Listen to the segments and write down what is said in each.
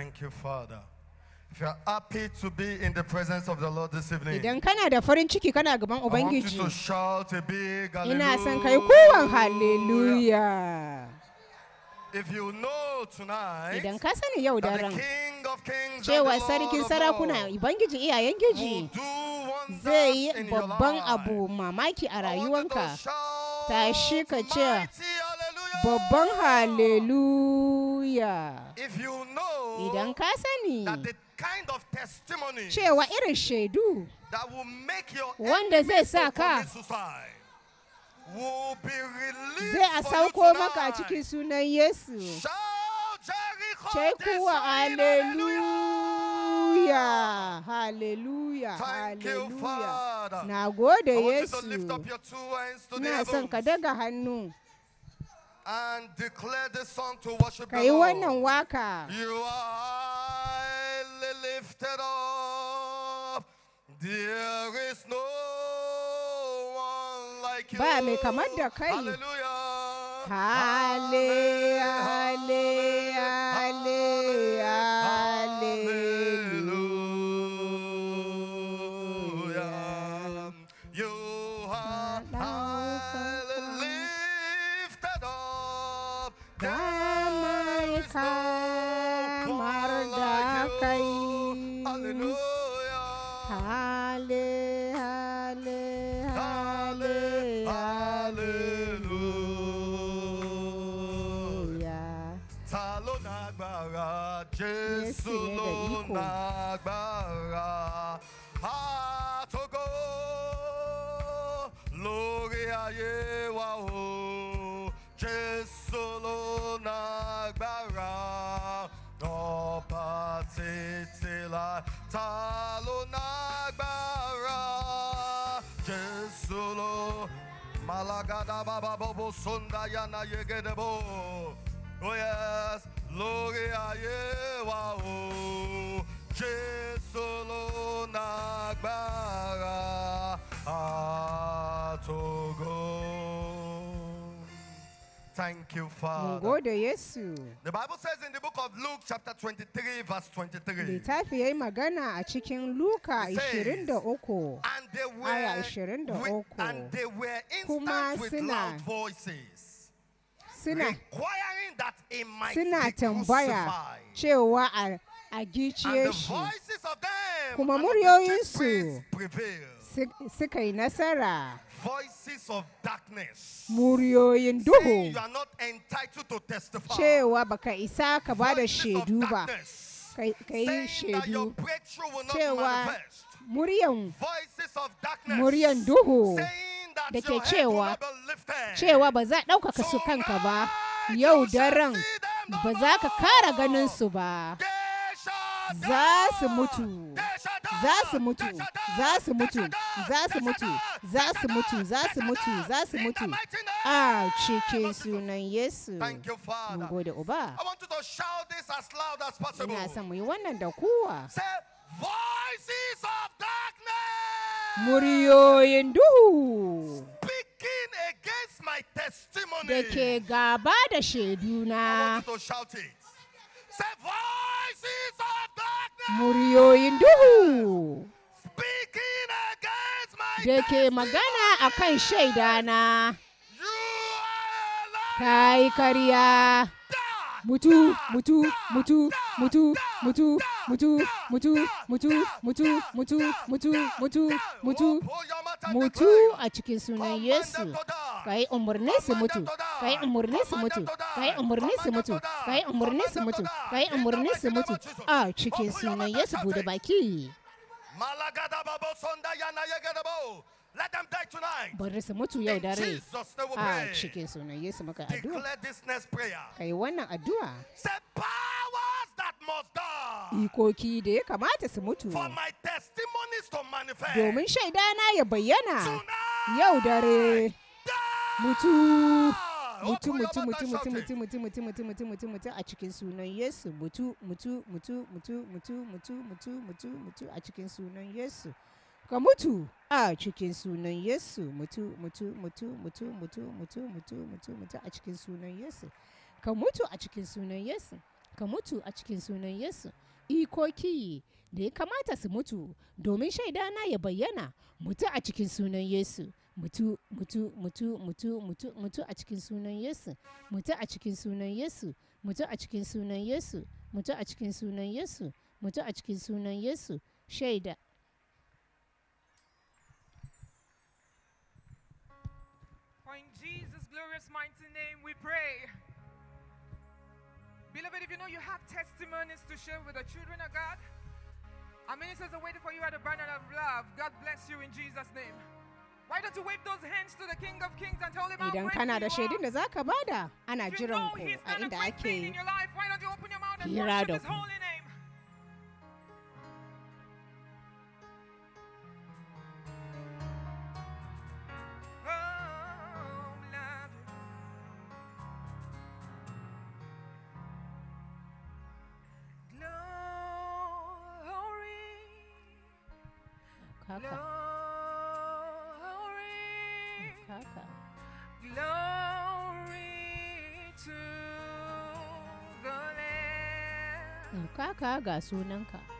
Thank you, Father. If you are happy to be in the presence of the Lord this evening, da farin ciki kana gaba I want you to shout a big ina son kai hallelujah. If you know tonight Idan ka sani yau that the King of Kings and cewa the sarkin Lord of sarakuna Lords iyayen will giji do wonders zai yi in your babban life. abu mamaki a I want you to shout Tashi ka mighty babban hallelujah. If you idan ka sani cewa irin shaidu wanda zai sa ka zai a sauko maka a cikin sunan Yesu. Cai kuwa haleluya, hallelujah hallelujah Na gode Yesu, na son ka daga hannu. and declare this song to worship God. You are lifted up. There is no one like you. Hallelujah. Hallelujah. Hallelujah. Talo ló lágbára Jésù ló malagada baba bobo sonda yana yegedebo oh yes lórí ayé wa o Jésù ló ah. Thank you, Father. The Bible says in the book of Luke, chapter 23, verse 23. Littafi a cikin Luka And they were instant with loud voices. requiring that he might suna tambaya cewa a giciye shi, kuma suka yi nasara. Voices of darkness. Muryoyin duhu. Cewa baka isa ka ba da shaidu ba. Ka yi shaidu. Cewa muryan muryan duhu da ke cewa cewa ba za ɗaukaka su kanka ba yau daren ba za ka kara ganin su ba za su mutu za su mutu za su mutu za su mutu za su mutu za su mutu za su mutu a cikin sunan yesu mun gode uba ina son mu yi wannan da kowa muryoyin duhu da ke gaba da shaiduna muryoyin duhu da ke magana a kan shaidana, ta yi karya. mutu mutu mutu mutu mutu mutu mutu mutu mutu mutu mutu mutu mutu mutu a cikin sunan Yesu ka yi umarni su mutu ka yi umarni su mutu ka yi umarni su mutu ka yi umarni su mutu ka yi umarni su mutu a cikin sunan Yesu bude baki. Malagada babo sonda yana yegedabo. Bari su mutu yau dare a cikin sunan Yesu maka addu'a. Kai wannan addu'a. Ikoki da ya kamata su mutu. Domin shaida na ya bayyana yau dare. Mutu. mutu mutu mutu mutu mutu mutu mutu mutu mutu mutu mutu a cikin sunan Yesu mutu mutu mutu mutu mutu mutu mutu mutu mutu a cikin sunan Yesu ka mutu a cikin sunan Yesu mutu mutu mutu mutu mutu mutu mutu mutu mutu a cikin sunan Yesu ka mutu a cikin sunan Yesu ka mutu a cikin sunan Yesu ikoki da ya kamata su mutu domin shaidana ya bayyana mutu a cikin sunan Yesu mutu mutu mutu mutu mutu mutu a cikin sunan Yesu mutu a cikin sunan Yesu mutu a cikin sunan Yesu mutu a cikin sunan Yesu mutu a cikin sunan Yesu shaida pray. Beloved, if you know you have testimonies to share with the children of God, our ministers are waiting for you at the banner of love. God bless you in Jesus' name. Why don't you wave those hands to the King of Kings and tell him how Idan kana da shaidun not zaka bada, ana jiran ku a inda ake. Kira da ku. ka ga sunanka.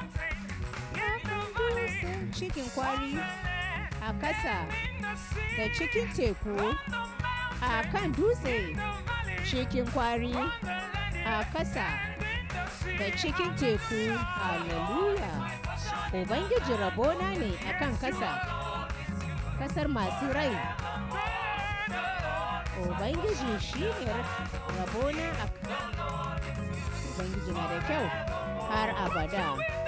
cikin kwari a kasa da cikin teku a kan dutse cikin kwari a ƙasa da cikin teku halleluya ubangiji rabona ne a kan ƙasa ƙasar masu rai ubangiji shi ne rabona a ubangiji na da kyau har abada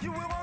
You will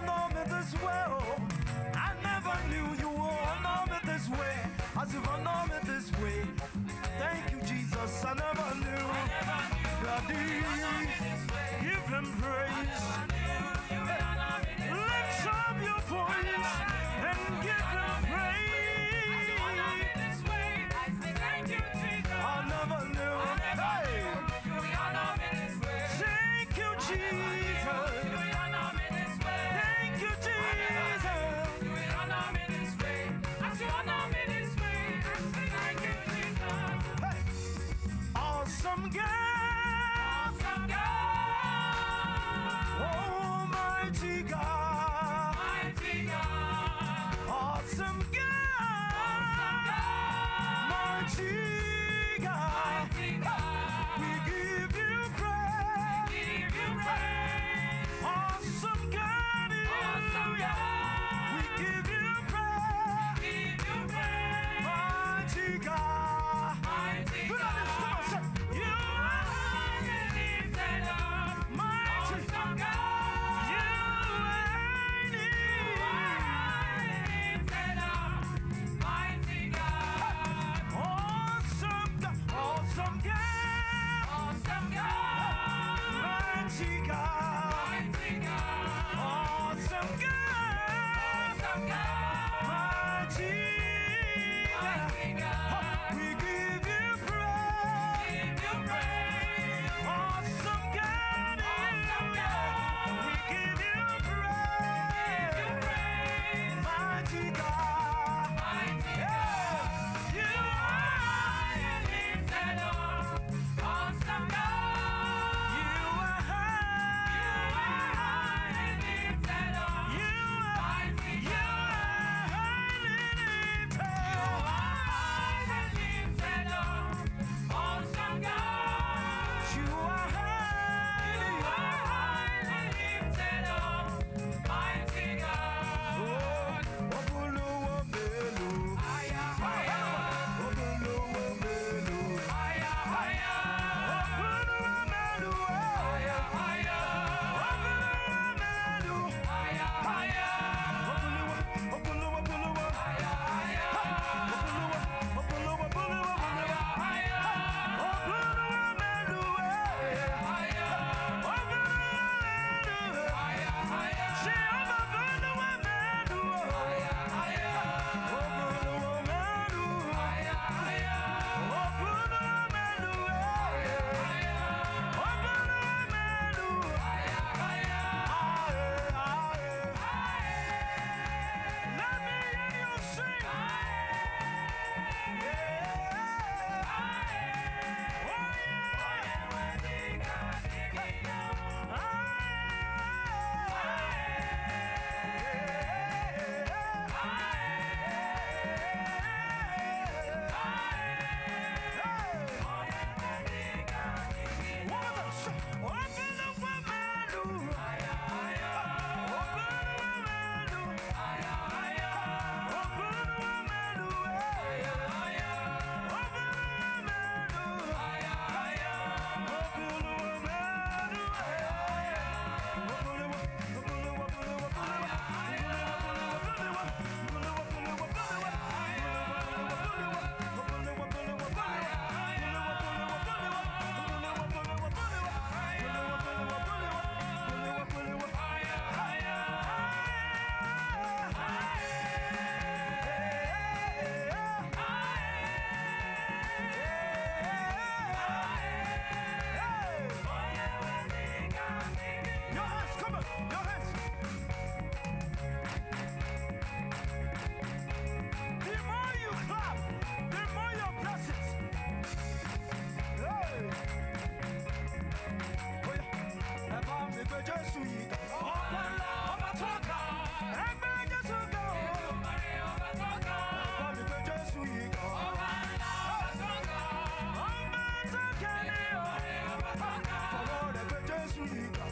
sweet.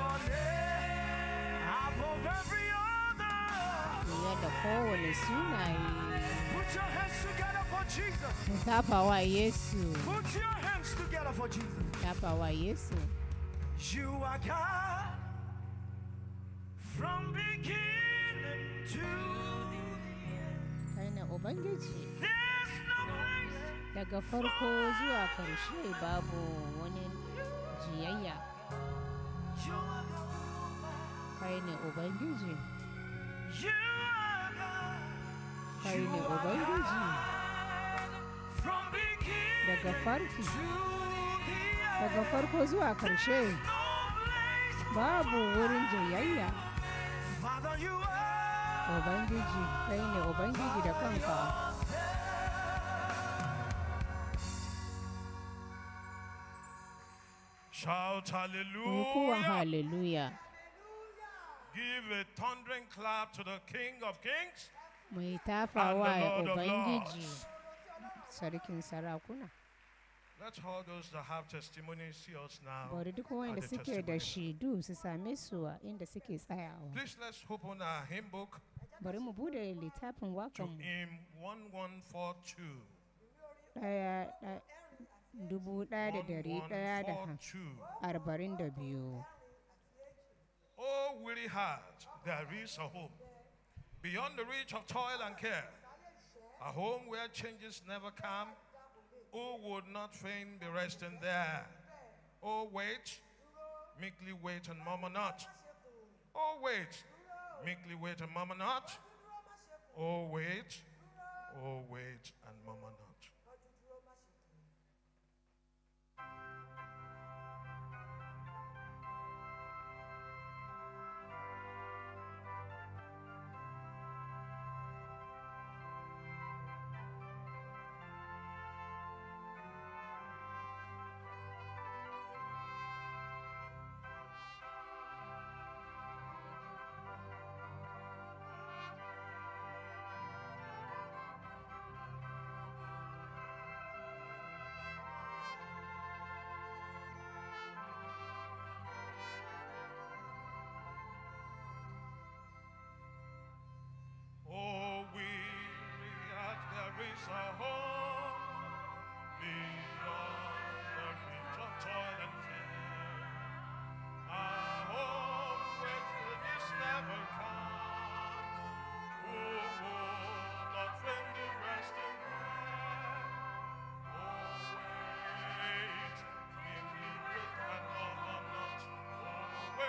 Above Kuenda Sinai. Put your hands together for Jesus. Hapa wa Yesu. Put your hands together for Jesus. Yesu. You are God from beginning to the end. Ubangiji. There's no place. Daga farko zuwa karshe babu ubangiji kai ne ubangiji daga farki daga farko zuwa karshe babu wurin jayayya ubangiji kai ne ubangiji da kanka Shout hallelujah. Kuwa hallelujah. Give a thundering clap to the King of Kings mu yi tafawa Ubangiji sarkin sarakuna. Bari duk wanda suke da shidu su same su a inda suke tsayawa. Bari mu bude littafin wakanmu. Daya dubu ɗaya da dari ɗaya da arba'in da biyu. Oh, weary heart, there is a home. Beyond the reach of toil and care, a home where changes never come. Who would not fain be resting there? Oh, wait, meekly wait and murmur not. Oh, wait, meekly wait and murmur not. Oh, wait, oh, wait and murmur not. Wait.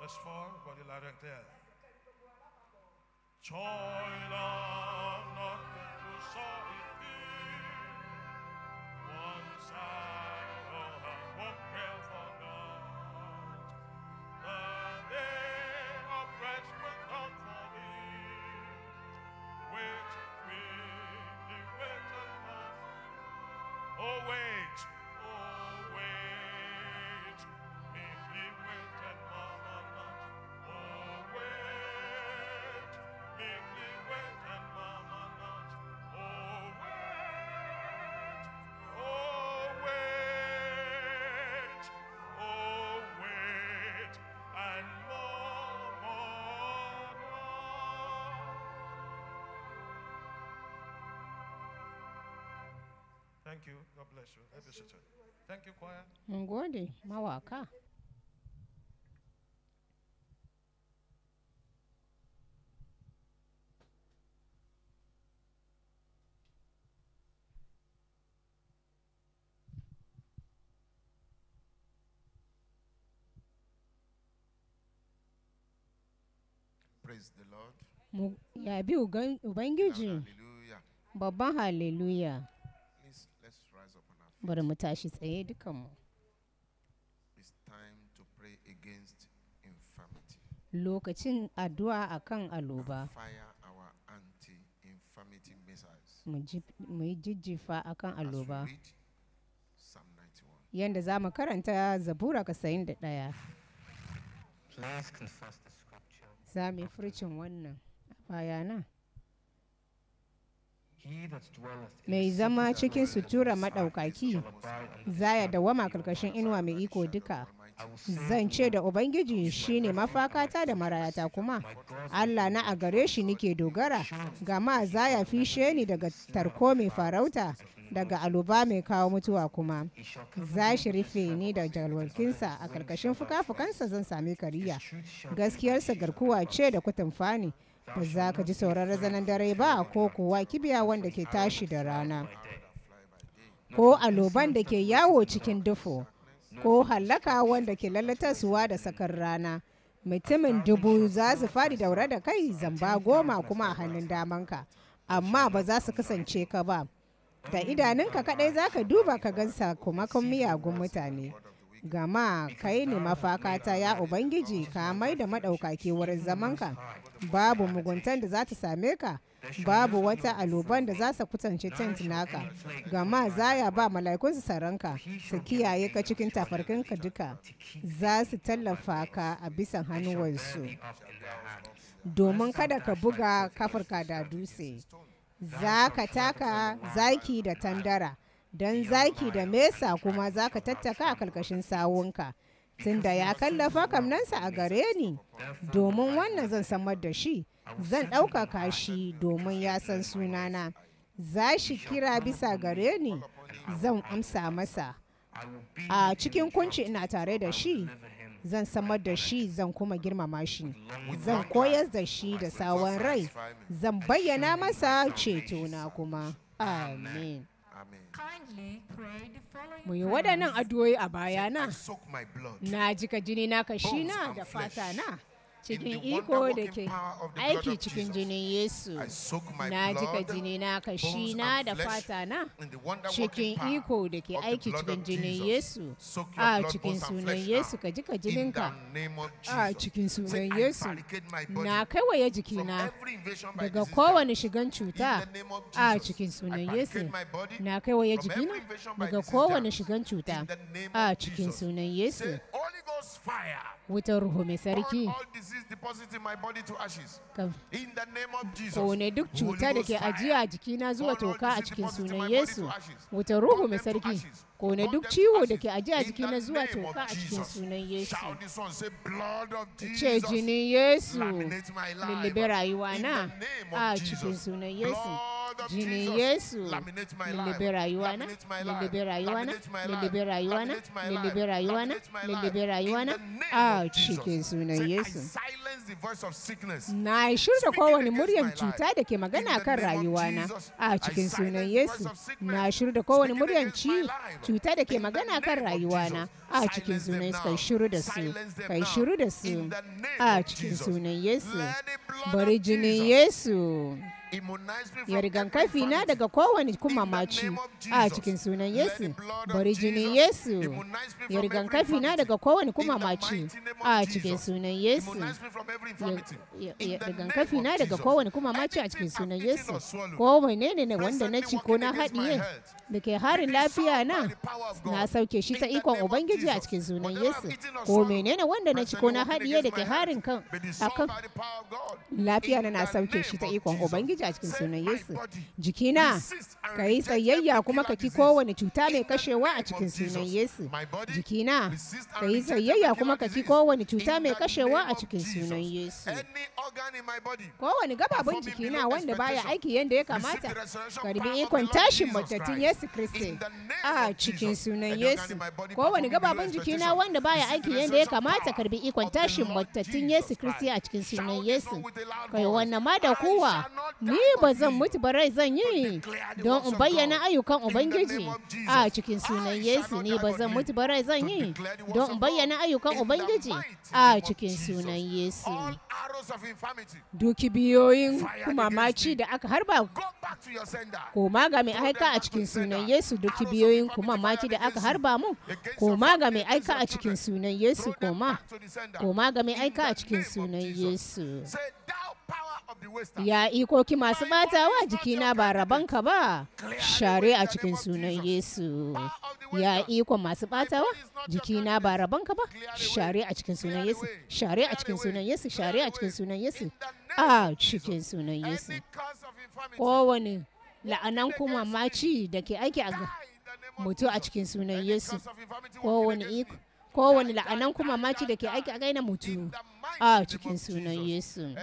Verse 4, voglio la rentare. Choila not the Once I not well forgot the day of which we Oh, wait. Thank you. God bless you. Have a seat. Thank you, choir. Ngodi, mawaka. Praise the Lord. Yabi ubangiji. Hallelujah. Baba hallelujah. bari mu tashi tsaye dukanmu lokacin addu'a akan aloba mu yi jijjifa akan aloba yadda za mu karanta zabura ka sayin da ɗaya za mu yi furcin wannan bayana mai zama cikin sutura maɗaukaki Zaya da wama karkashin inuwa mai iko duka zan ce da ubangiji shine mafakata da marayata kuma allah na a gare shi nike dogara gama zaya ya fishe ni daga tarko mai farauta daga aluba mai kawo mutuwa kuma za shi rufe ni da jalwalkinsa a karkashin fuka-fukansa zan sami kariya gaskiyarsa garkuwa ce da kutumfa ba za ka ji sauran zanen dare ba ko kuwa kibiya wanda ke tashi da rana ko aloban da ke yawo cikin dufo ko hallaka wanda ke suwa da sakar rana mutumin dubu za su fadi daure da kai zamba goma kuma a hannun damanka amma ba za su kasance ka ba da idanunka kadai za ka duba ka gan sakamakon miyagun mutane gama kai ne mafakata ya ubangiji ka mai da maɗaukaki wurin zamanka babu muguntan da za ta same ka babu wata aluban da za su kutance tent naka gama zaya ba mala'ikunsu saranka su kiyaye ka cikin tafarkinka duka za su tallafa ka a bisan hannuwansu domin kada ka buga kafarka da dutse za ka taka zaki da tandara don zaki da mesa kuma za ka tattaka a ƙarƙashin sawunka tunda ya kallafa kamnansa a gare ni domin wannan zan samar da shi zan ɗaukaka shi domin ya san sunana za shi kira bisa gare ni zan amsa masa a cikin kunci ina tare da shi zan samar da shi zan kuma girmama shi zan koyar da shi da sawon rai zan bayyana masa cetona kuma amin mu yi waɗannan addu'o'i a bayana na jika jini na kashi na da fata na cikin iko da ke aiki cikin jinin Yesu ah, na jika jini na kashi na da fata na cikin iko da ke aiki cikin jinin Yesu ah, a cikin sunan Yesu ka jika jininka a cikin ah, sunan Yesu na kaiwaye jikina daga kowane shigan cuta a cikin sunan Yesu na kaiwaye jikina daga kowane shigan cuta a cikin sunan Yesu wutar ruhu mai sarki kone duk cuta da ke ajiya a jikina zuwa toka a cikin sunan yesu wutar ruhu mai sarki kone duk ciwo da ke aji a jiki na zuwa toka a cikin sunan Yesu. Ce jinin Yesu lullube rayuwa na a cikin sunan Yesu. Jinin Yesu lullube rayuwa na, lullube rayuwa na, lullube rayuwa na, lullube rayuwa na, lullube rayuwa na a cikin sunan Yesu. Na shirya kowane muryar cuta da ke magana kan rayuwa na a cikin sunan Yesu. Na shirya kowane muryar ciwo cuta da ke magana kan rayuwana a cikin sunan kai shiru da su kai shiru da su a cikin sunan yesu bari jinin yesu Yarigan kafi na daga kowane maci a cikin sunan yesu bari jini yesu yarigan kafi na daga kowane maci a cikin sunan yesu Yarigan kafi na daga kowane maci a cikin sunan yesu kowane ne wanda na ci ko na haɗiye da ke harin lafiya na na sauke shi ta ikon ubangiji a cikin sunan yesu ko menene wanda na ci ko na haɗiye da ke harin kan akan lafiya na na sauke shi ta ikon ubangiji Ubangiji a cikin sunan Yesu. Jikina, ka yi tsayayya kuma ka ki kowane cuta mai kashewa a cikin sunan Yesu. Jikina, ka yi tsayayya kuma ka ki kowane cuta mai kashewa a cikin sunan Yesu. Kowane gababin jikina wanda baya aiki yadda ya kamata, ka ribi ikon tashin matattun Yesu Kristi a cikin sunan Yesu. Kowane gababin jikina wanda baya aiki yadda ya kamata, ka ribi ikon tashin matattun Yesu Kristi a cikin sunan Yesu. Kai wannan ma da kowa ni ba zan mutu ba rai zan yi don in bayyana ayyukan ubangiji a cikin sunan yesu ni ba zan mutu ba rai zan yi don in bayyana ayyukan ubangiji a cikin sunan yesu duki biyoyin maci da aka harba koma ga mai aika a cikin sunan yesu duki biyoyin maci da aka harba mu koma ga mai aika a cikin sunan yesu koma koma ga mai aika a cikin sunan yesu Ya ikoki masu batawa jikina ba rabanka ba, share a cikin sunan Yesu. Ya iko masu batawa jikina ba rabanka ba, share a cikin sunan Yesu, share a cikin sunan Yesu, share a cikin sunan Yesu, a cikin sunan Yesu. Kowane la'anan kuma maci da ke aiki a mutu a cikin sunan Yesu, kowane iko. kowane la'anan kuma maci da ke aiki a gaina mutu a cikin sunan yesu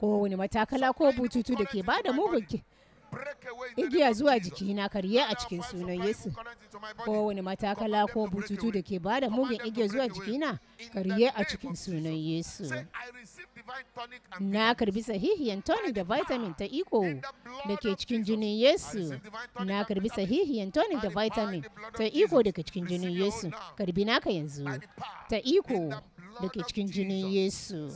kowane matakala ko bututu da ke ba da mugun igiya zuwa jikina karye a cikin sunan yesu kowane matakala ko bututu da ke ba da mugun igiya zuwa jikina karye a cikin sunan yesu na karbi sahihiyan tonic da vitamin ta iko da ke cikin jinin yesu na karbi sahihiyan tonic da vitamin ta iko da ke cikin jinin yesu karbi naka yanzu ta iko da ke cikin jinin yesu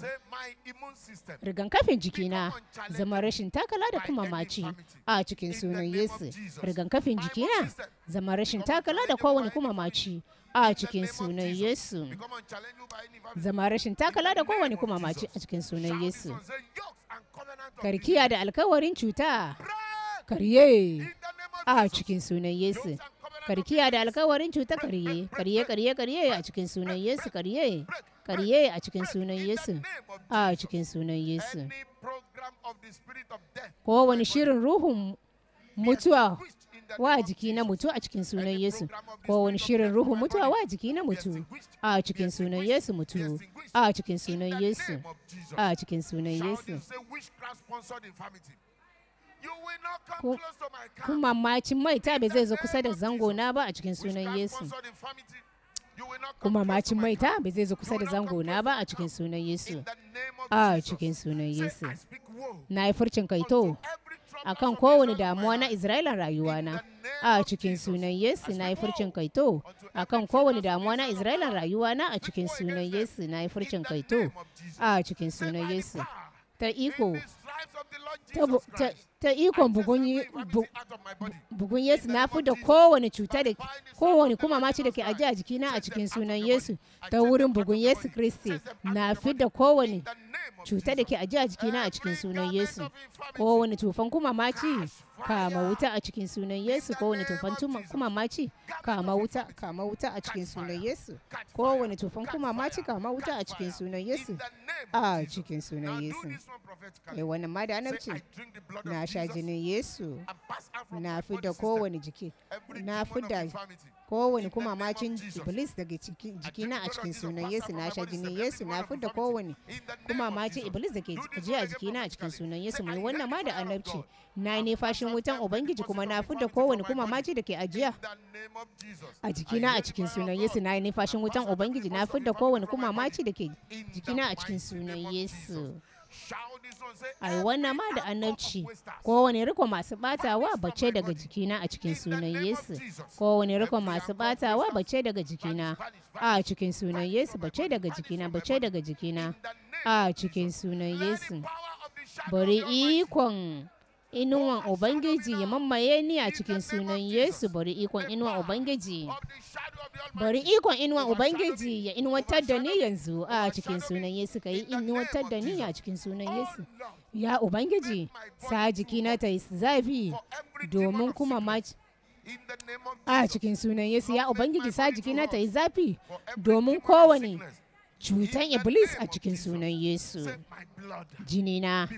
rigan kafin jikina zama rashin takala da kuma maci a cikin sunan yesu rigan kafin jikina zama rashin takala da kowane kuma maci a cikin sunan Yesu. Zama rashin takala da kowane kuma maci a cikin sunan Yesu. Karkiya da alkawarin cuta, karye a cikin sunan Yesu. Karkiya da alkawarin cuta karye, karye, karye, karye a cikin sunan Yesu, karye, karye a cikin sunan Yesu, a cikin sunan Yesu. Kowane shirin ruhun mutuwa wa jiki na mutu a cikin sunan Yesu ko wani shirin ruhu mutu wa jiki na mutu a cikin sunan Yesu mutu a cikin sunan Yesu a cikin sunan Yesu kuma macin maita bai zai zo kusa da zango na ba a cikin sunan Yesu kuma macin maita bai zai zo kusa da zango na ba a cikin sunan Yesu a cikin sunan Yesu na yi furcin kaito akan kowane damuwa na rayuwa rayuwana. A cikin sunan Yesu na yi furcin kaito, akan kowane damuwa na rayuwa rayuwana a cikin sunan Yesu na yi furcin kaito, a cikin sunan Yesu. Ta iko, ta ikon bugun Yesu na fi da kowane cuta da kowane kuma maci da ke aji a jikina a cikin sunan Yesu ta wurin bugun Yesu Kristi na fi da kowane Cuta da ke ji a jikina a cikin sunan Yesu ko wani tufan kuma maci kama wuta a cikin sunan Yesu ko wani tufan kuma maci kama wuta kama wuta a cikin sunan Yesu ko wani tufan kuma maci kama wuta a cikin sunan Yesu a cikin sunan Yesu eh wannan ma da ce na sha jinin Yesu na da kowane jiki na da. kowane kuma macin iblis daga jikina a cikin sunan yesu na sha jini yesu na fidda kowane kuma macin iblis da ke ji a jikina a cikin sunan yesu mai wannan ma da annabci na ne fashin wutan ubangiji kuma na fidda kowane kuma maci da ke ajiya a jikina a cikin sunan yesu na ne fashin wutan ubangiji na fidda kowane kuma maci da ke jikina a cikin sunan yesu ai wannan ma da annabci kowane riko masu batawa bace daga jikina a cikin sunan yesu kowane riko masu batawa bace daga jikina a cikin sunan yesu bace daga jikina bace daga jikina a cikin sunan yesu bari ikon inuwan Ubangiji ya mamaye ni a cikin sunan Yesu bari ikon inuwan Ubangiji. Bari ikon inuwan Ubangiji ya inuwatar da ni yanzu a cikin sunan Yesu ka yi inuwatar da ni a cikin sunan Yesu. Ya Ubangiji, sa jikina ta yi zafi domin kuma mace. A cikin sunan Yesu, ya Ubangiji sa jikina ta yi zafi domin kowane cutan iblis a cikin sunan yesu jinina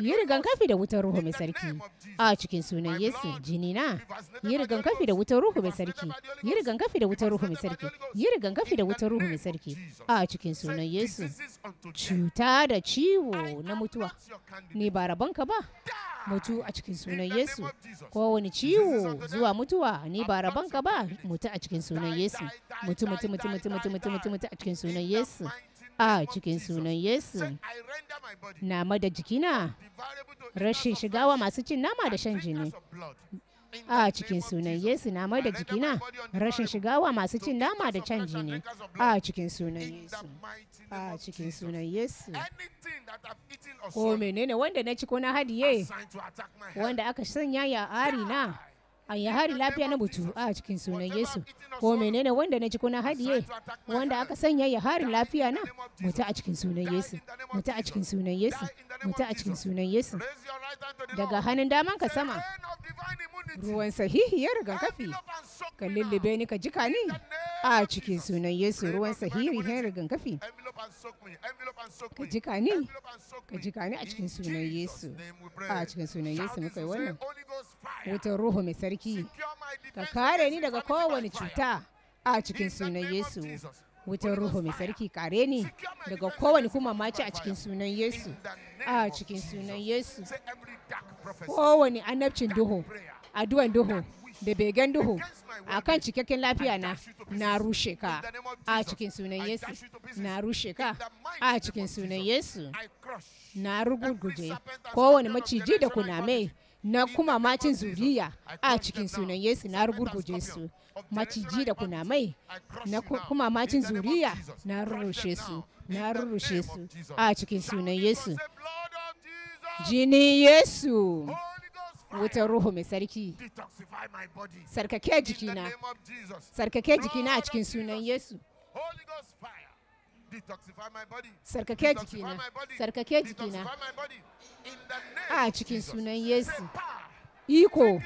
yi rigankafi da wutar ruhu mai sarki a cikin sunan yesu jinina yi rigankafi da wutar ruhu mai sarki yi rigankafi da wutar ruhu mai sarki yi rigankafi da wutar ruhu mai sarki a cikin sunan yesu cuta da ciwo na mutuwa ne ba rabonka ba mutu a cikin sunan yesu kowane ciwo zuwa mutuwa ne ba rabonka ba mutu a cikin sunan yesu mutu mutu mutu mutu mutu mutu mutu a cikin sunan yesu Yesu, a ah, cikin sunan Yesu, nama da jikina, rashin shigawa masu cin nama da shan jini. a ah, cikin sunan Yesu na mai da jikina rashin shigawa masu cin nama da can jini a ah, cikin sunan Yesu a cikin sunan Yesu ko oh, menene wanda na ci ko na hadiye wanda aka sanya ya ari na a ya hari lafiya na butu a cikin sunan yesu ko menene wanda na ci kuna hadiye wanda aka sanya ya hari lafiya na mutu a cikin sunan yesu mutu a cikin sunan yesu mutu a cikin sunan yesu daga hannun daman ka sama ruwan sahihi ya kafi ka lullube ni ka jika ni a cikin sunan yesu ruwan sahihi ya kafi ka jika ni ka jika ni a cikin sunan yesu a cikin sunan yesu muka yi wannan wutar ruhu mai sarki sarki ka kare ni daga kowane cuta a cikin sunan yesu wutar ruhu mai sarki kare ni daga kowane kuma mace a cikin sunan yesu a cikin sunan yesu kowane annabcin duhu addu'an duhu da begen duhu a kan cikakken lafiya na na rushe ka a cikin sunan yesu na rushe ka a cikin sunan yesu na rugurguje kowane maciji da kuname na kuma macin zuriya a cikin sunan Yesu na rugurguje su maciji da kunamai na kuma macin zuriya na rurrushe su na rurrushe su a cikin sunan Yesu jini Yesu wutar ruhu mai sarki sarkake jikina sarkake jikina a cikin sunan Yesu sarkake jikina sarkake jikina a cikin sunan yesu iko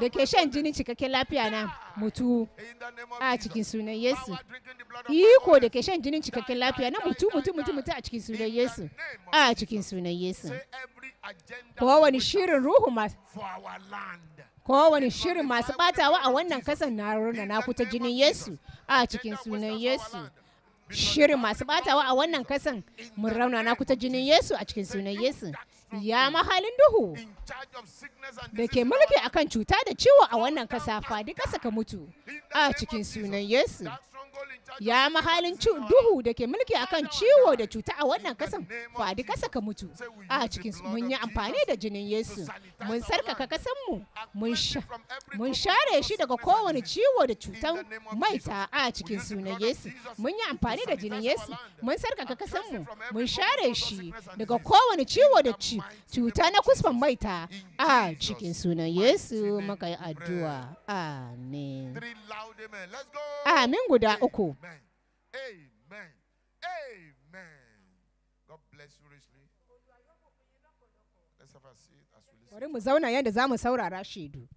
da ke shan jini cikakken lafiya na mutu a cikin sunan yesu iko da ke shan jinin cikakken lafiya na mutu mutu mutu mutu a cikin sunan yesu a cikin sunan yesu kowane shirin ruhu masu kowane shirin masu batawa a wannan kasan na na kuta jinin yesu a cikin sunan yesu shirin masu batawa a wannan kasan mun rauna na kuta jinin Yesu a cikin sunan Yesu. Ya mahalin duhu da ke mulki akan cuta da ciwo a wannan kasa fadi kasa ka mutu a cikin sunan Yesu. ya mahalin duhu da ke mulki akan ciwo da cuta a wannan kasan fadi kasa ka mutu a cikin mun yi amfani da jinin yesu mun sarkaka kasan mu mun share shi daga kowane ciwo da cutan maita a cikin sunan yesu mun yi amfani da jinin yesu mun sarkaka kasan mu mun share shi daga kowane ciwo da cuta na kusban maita a cikin sunan yesu muka yi addu'a amin amin guda uku. Amen. Amen. God bless you richly. Let's have a seat as we listen. Bari mu zauna yadda za mu saurara shaidu.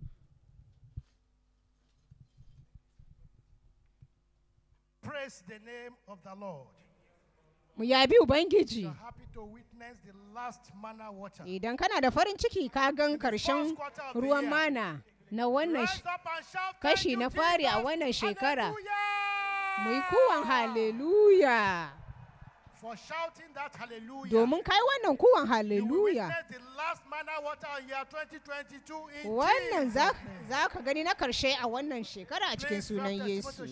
Praise the name of the Lord. Mu yabi Ubangiji. Idan kana da farin ciki ka gan karshen ruwan mana na wannan kashi na fari a wannan shekara. Mai kuwan haleluya domin kai wannan kuwan haleluya wannan za ka gani na karshe a wannan shekara a cikin sunan yesu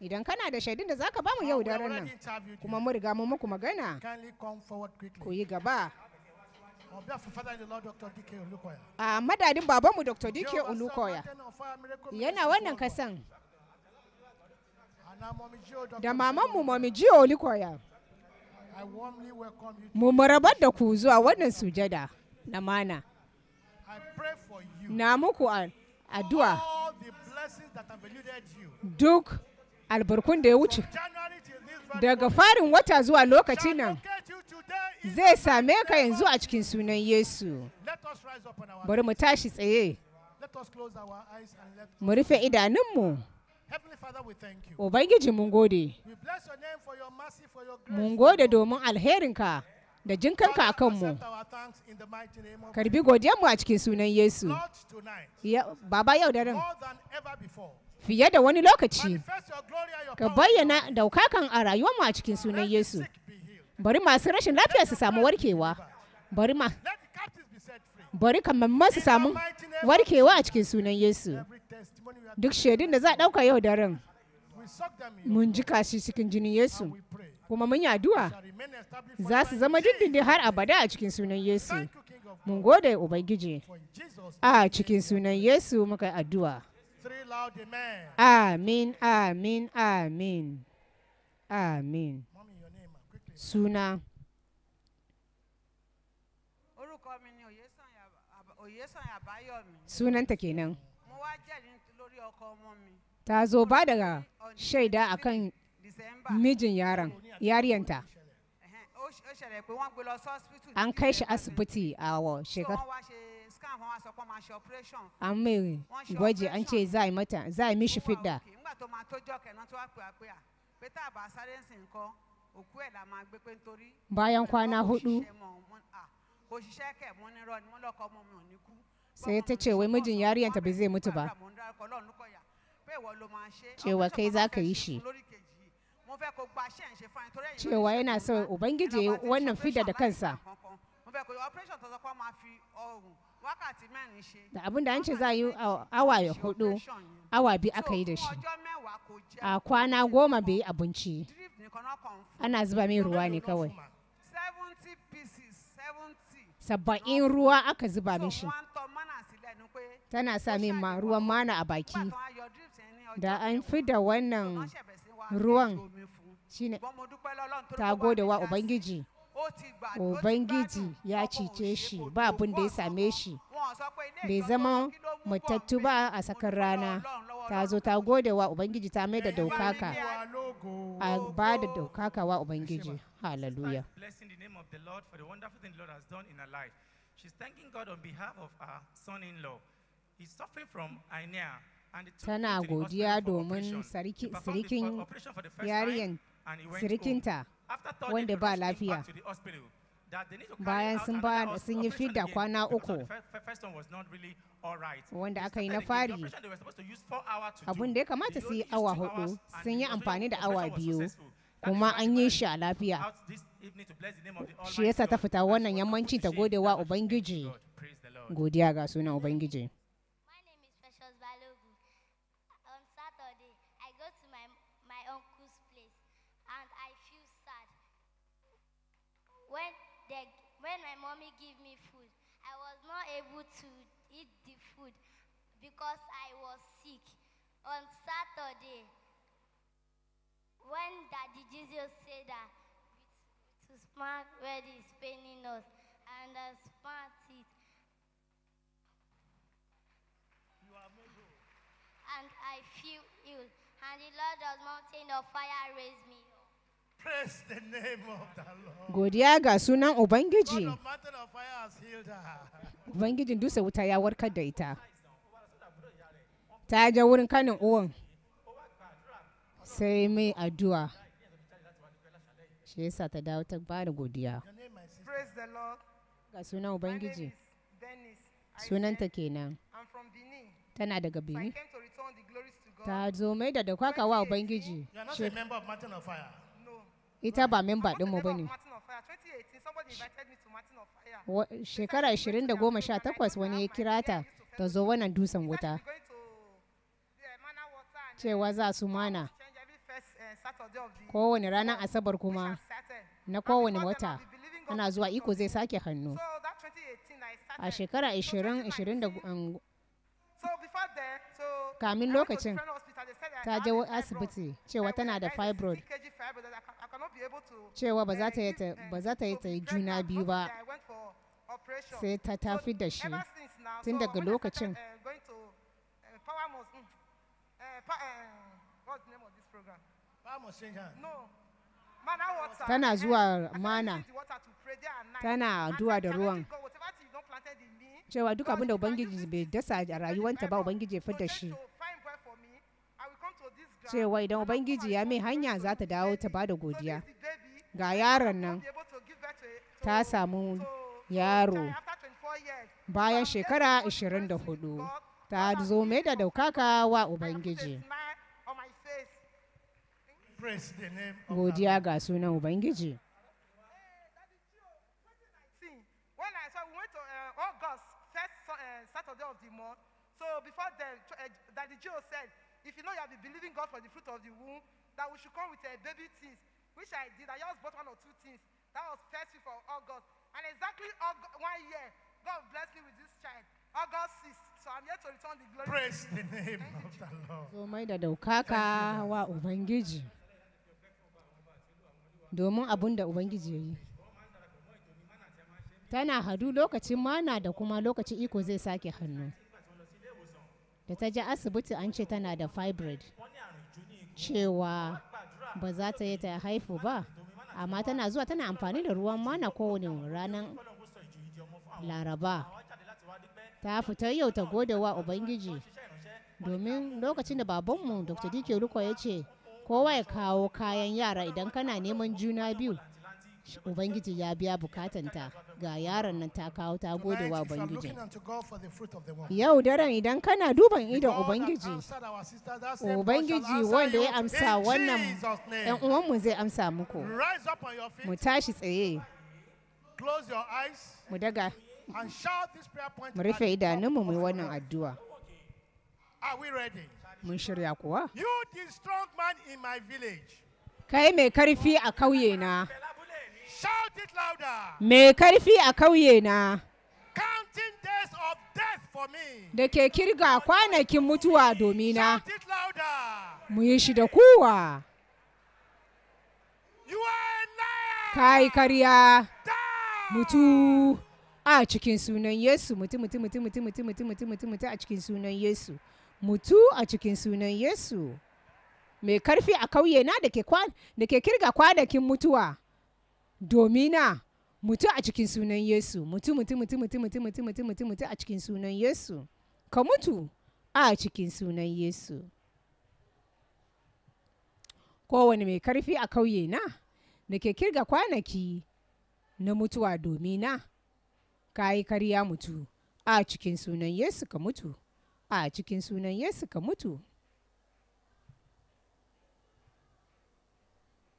idan kana da shaidun da za ka ba mu yau daren nan kuma mu riga mu muku magana ku yi gaba a madadin babanmu dr dike ulukoya yana wannan kasan da mamanmu mami ji olikoya mu marabar da ku zuwa wannan sujada na mana na muku addu'a duk albarkun da ya wuce daga farin wata zuwa lokacin nan zai same ka yanzu a cikin sunan yesu bari mu tashi tsaye mu rufe idanunmu Ubangiji mun gode. Mun gode domin alherinka da jinkanka a kanmu. Karbi godiyanmu a cikin sunan Yesu. Baba yau da ran. Fiye da wani lokaci. Ka bayyana daukakan a rayuwarmu a cikin sunan Yesu. Bari masu rashin lafiya su samu warkewa. Bari ma. Bari kamar su samu warkewa a cikin sunan Yesu. duk shaidun da za a ɗauka yau da ran. mun ji kashi cikin jinin Yesu kuma mun yi za su zama dindindin har abada a cikin sunan Yesu mun gode Ubangiji a cikin sunan Yesu muka yi addu'a amin amin amin amin uh, suna sunanta kenan ta zo ba daga shaida a kan mijin yaron yariyanta an kai shi asibiti a wa shekar an mai gwaji an ce za a mata za a mishi fidda bayan kwana hudu sai ta ce wai mijin ta ba zai mutu ba cewa kai za ka yi shi cewa yana so ubangiji wannan fida da kansa da abin da an ce za a yi awa ya hudu awa biyu aka yi da shi a kwana goma bai yi abinci ana zuba mai ruwa ne kawai saba'in ruwa aka zuba mishi tana sa min ma ruwan mana a baki da an fi da wannan ruwan shine ta gode wa ubangiji ubangiji ya cice shi ba abin da ya same shi bai zama matattu ba a sakar rana ta zo ta gode wa ubangiji ta mai da daukaka a ba da daukaka wa ubangiji hallelujah She's thanking God on behalf of our son-in-law. tana godiya domin sarikin yariyan sirikinta wanda ba lafiya bayan sun ba sun yi fida kwana uku wanda aka yi na fari abin da ya kamata su yi awa hudu sun yi amfani da awa biyu kuma an yi shi a lafiya shi yasa ta fita wannan yammanci ta gode wa ubangiji godiya ga sunan ubangiji able to eat the food because I was sick. On Saturday, when Daddy Jesus said that to smart where he's paining us and uh, smart it. You are made whole. And I feel ill. And the Lord of mountain of fire raised me Godiya ga sunan Ubangiji. Ubangijin dusa wuta ya warkar da ita. Ta je wurin kanin uwan. Sai mai addu'a. Shi yasa ta dawo ta ba da godiya. Ga sunan Ubangiji. Sunanta kenan. Tana daga Benin. Ta zo mai da dakwaka wa Ubangiji. ita ba memba ɗinmu ba ne shekara 2018 wani ya kira ta ta zo wannan dusan wuta cewa za su mana eh, kowane ranar asabar kuma na kowane wata ana zuwa iko zai sake hannu a shekara 2020 kamin lokacin ta je asibiti cewa tana da fibroid cewa ba za ta yi eh, ta yi juna biyu ba sai ta tafi da shi tun daga lokacin eh, eh, mm, tana zuwa mana tana duwa da ruwan cewa duk abin da ubangiji bai dasa a rayuwanta ba ubangiji ya fi da shi cewa idan ubangiji ya mai hanya za ta dawo ta bada godiya ga yaron nan ta samu yaro bayan shekara 24 ta zo mai da daukaka wa ubangiji godiya ga sunan ubangiji uh, uh, So before then, uh, Daddy Joe said, if you know you have been believing God for the fruit of the womb, that we should come with a uh, baby things, which I did. I just bought one or two things. That was first for of August. And exactly one year, God blessed me with this child. August 6th. So I'm here to return the glory. Praise the name of the Lord. So my dad ukaka wa ubangiji. Domin abin da Ubangiji ya yi. Tana hadu lokacin mana da kuma lokacin iko zai sake hannu. da ta je asibiti an ce tana da fibroid cewa ba za ta yi ta haifu ba amma tana zuwa tana amfani da ruwan mana kowane ranar laraba ta fita yau ta gode wa ubangiji domin lokacin da babanmu dr dike ruko ya ce kowa ya kawo kayan yara idan kana neman juna biyu ubangiji ya biya bukatanta ga yaron nan ta kawo ta gode wa ubangiji yau daren idan kana duban idon ubangiji ubangiji wanda ya amsa wannan yan uwanmu zai amsa muku mu tashi tsaye mu daga mu rufe idanunmu mai wannan addu'a mun shirya kuwa kai mai karfi a kauye na Mai karfi a kauye na. Da ke kirga kwanakin mutuwa domina. Mu yi shi da kowa. Kai karya mutu a cikin sunan Yesu mutu mutu mutu mutu mutu mutu mutu mutu mutu a cikin sunan Yesu mutu a cikin sunan Yesu mai karfi a kauye na da ke kirga kwanakin mutuwa. domina mutu a cikin sunan Yesu mutu mutu mutu mutu mutu mutu mutu mutu mutu a cikin sunan Yesu ka mutu a cikin sunan Yesu kowane mai karfi a kauye na da ke kirga kwanaki na mutuwa domina ka yi karya mutu a cikin sunan Yesu ka mutu a cikin sunan Yesu ka mutu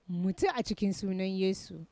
mutu a cikin sunan Yesu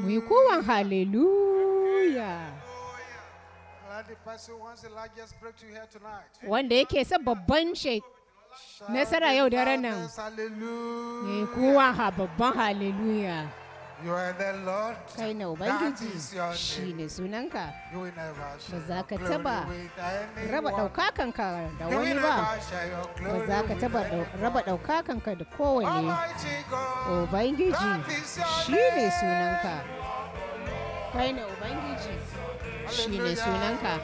Mu yi kowan hallelujah. Wanda yake son babban nasara yau daren nan. Mu yi kowan babban hallelujah. Kai na Ubangiji shi ne sunanka. Ba za ka taba raba ɗaukakanka da wani ba, ba za ka taba raba ɗaukakanka da kowane. Ubangiji shi ne sunanka. Kai na Ubangiji shi ne sunanka.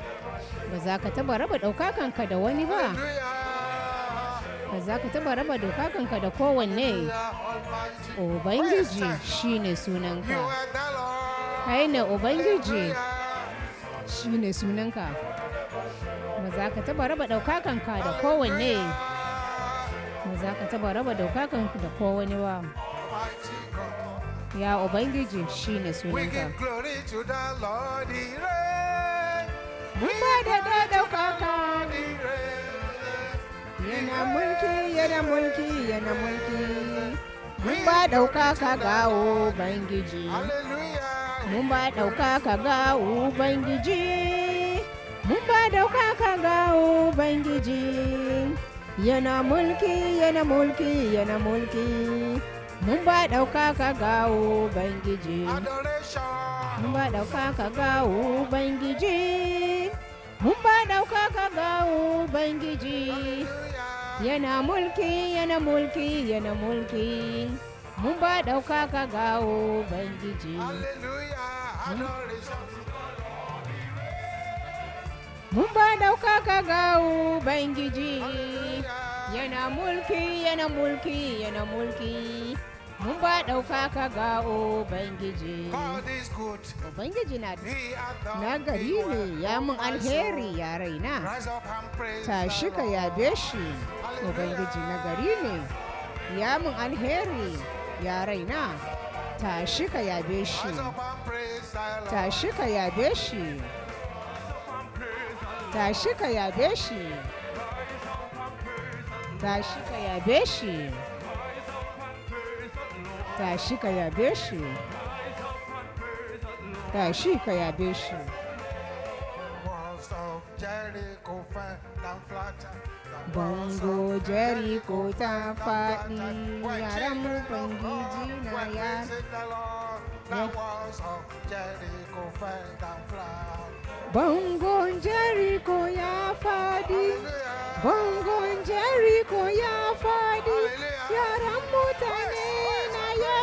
Ba za ka taba raba ɗaukakanka da wani ba. ba za ka taba raba doka kanka da kowanne ubangiji shine sunanka kai ne ubangiji shine sunanka ba za ka taba raba dauka kanka da kowanne ba za ka taba raba dauka kanka da kowanne ba ya ubangiji shine sunanka mun ba da kanka yana mulki yana mulki yana mulki mun ba dauka ka ga ubangiji mun ba dauka ka gawo bangiji. mun ba dauka ka ga ubangiji yana mulki yana mulki yana mulki mun ba dauka ka ga ubangiji mun ba dauka ka ga ubangiji Mun ba ɗaukaka ga Ubangiji, yana mulki, yana mulki, yana mulki. Mun ba ɗaukaka ga Ubangiji. Mun ba ɗaukaka ga Ubangiji, yana mulki, yana mulki, yana mulki. mun ba ɗaukaka ga Ubangiji. Ubangiji na na gari ne ya mun alheri ya raina, tashi ka yabe shi, Ubangiji na gari ne ya mun alheri ya raina, tashi ka yabe shi, tashi ka yabe shi, tashi ka yabe shi, tashi ka yabe shi. Tashika Yabeshi. Tashika Yabeshi. Bongo Jericho ta faɗi yaran mu bangiji na ya. Bongo Jericho ya faɗi. Bongo Jericho ya faɗi yaran mutane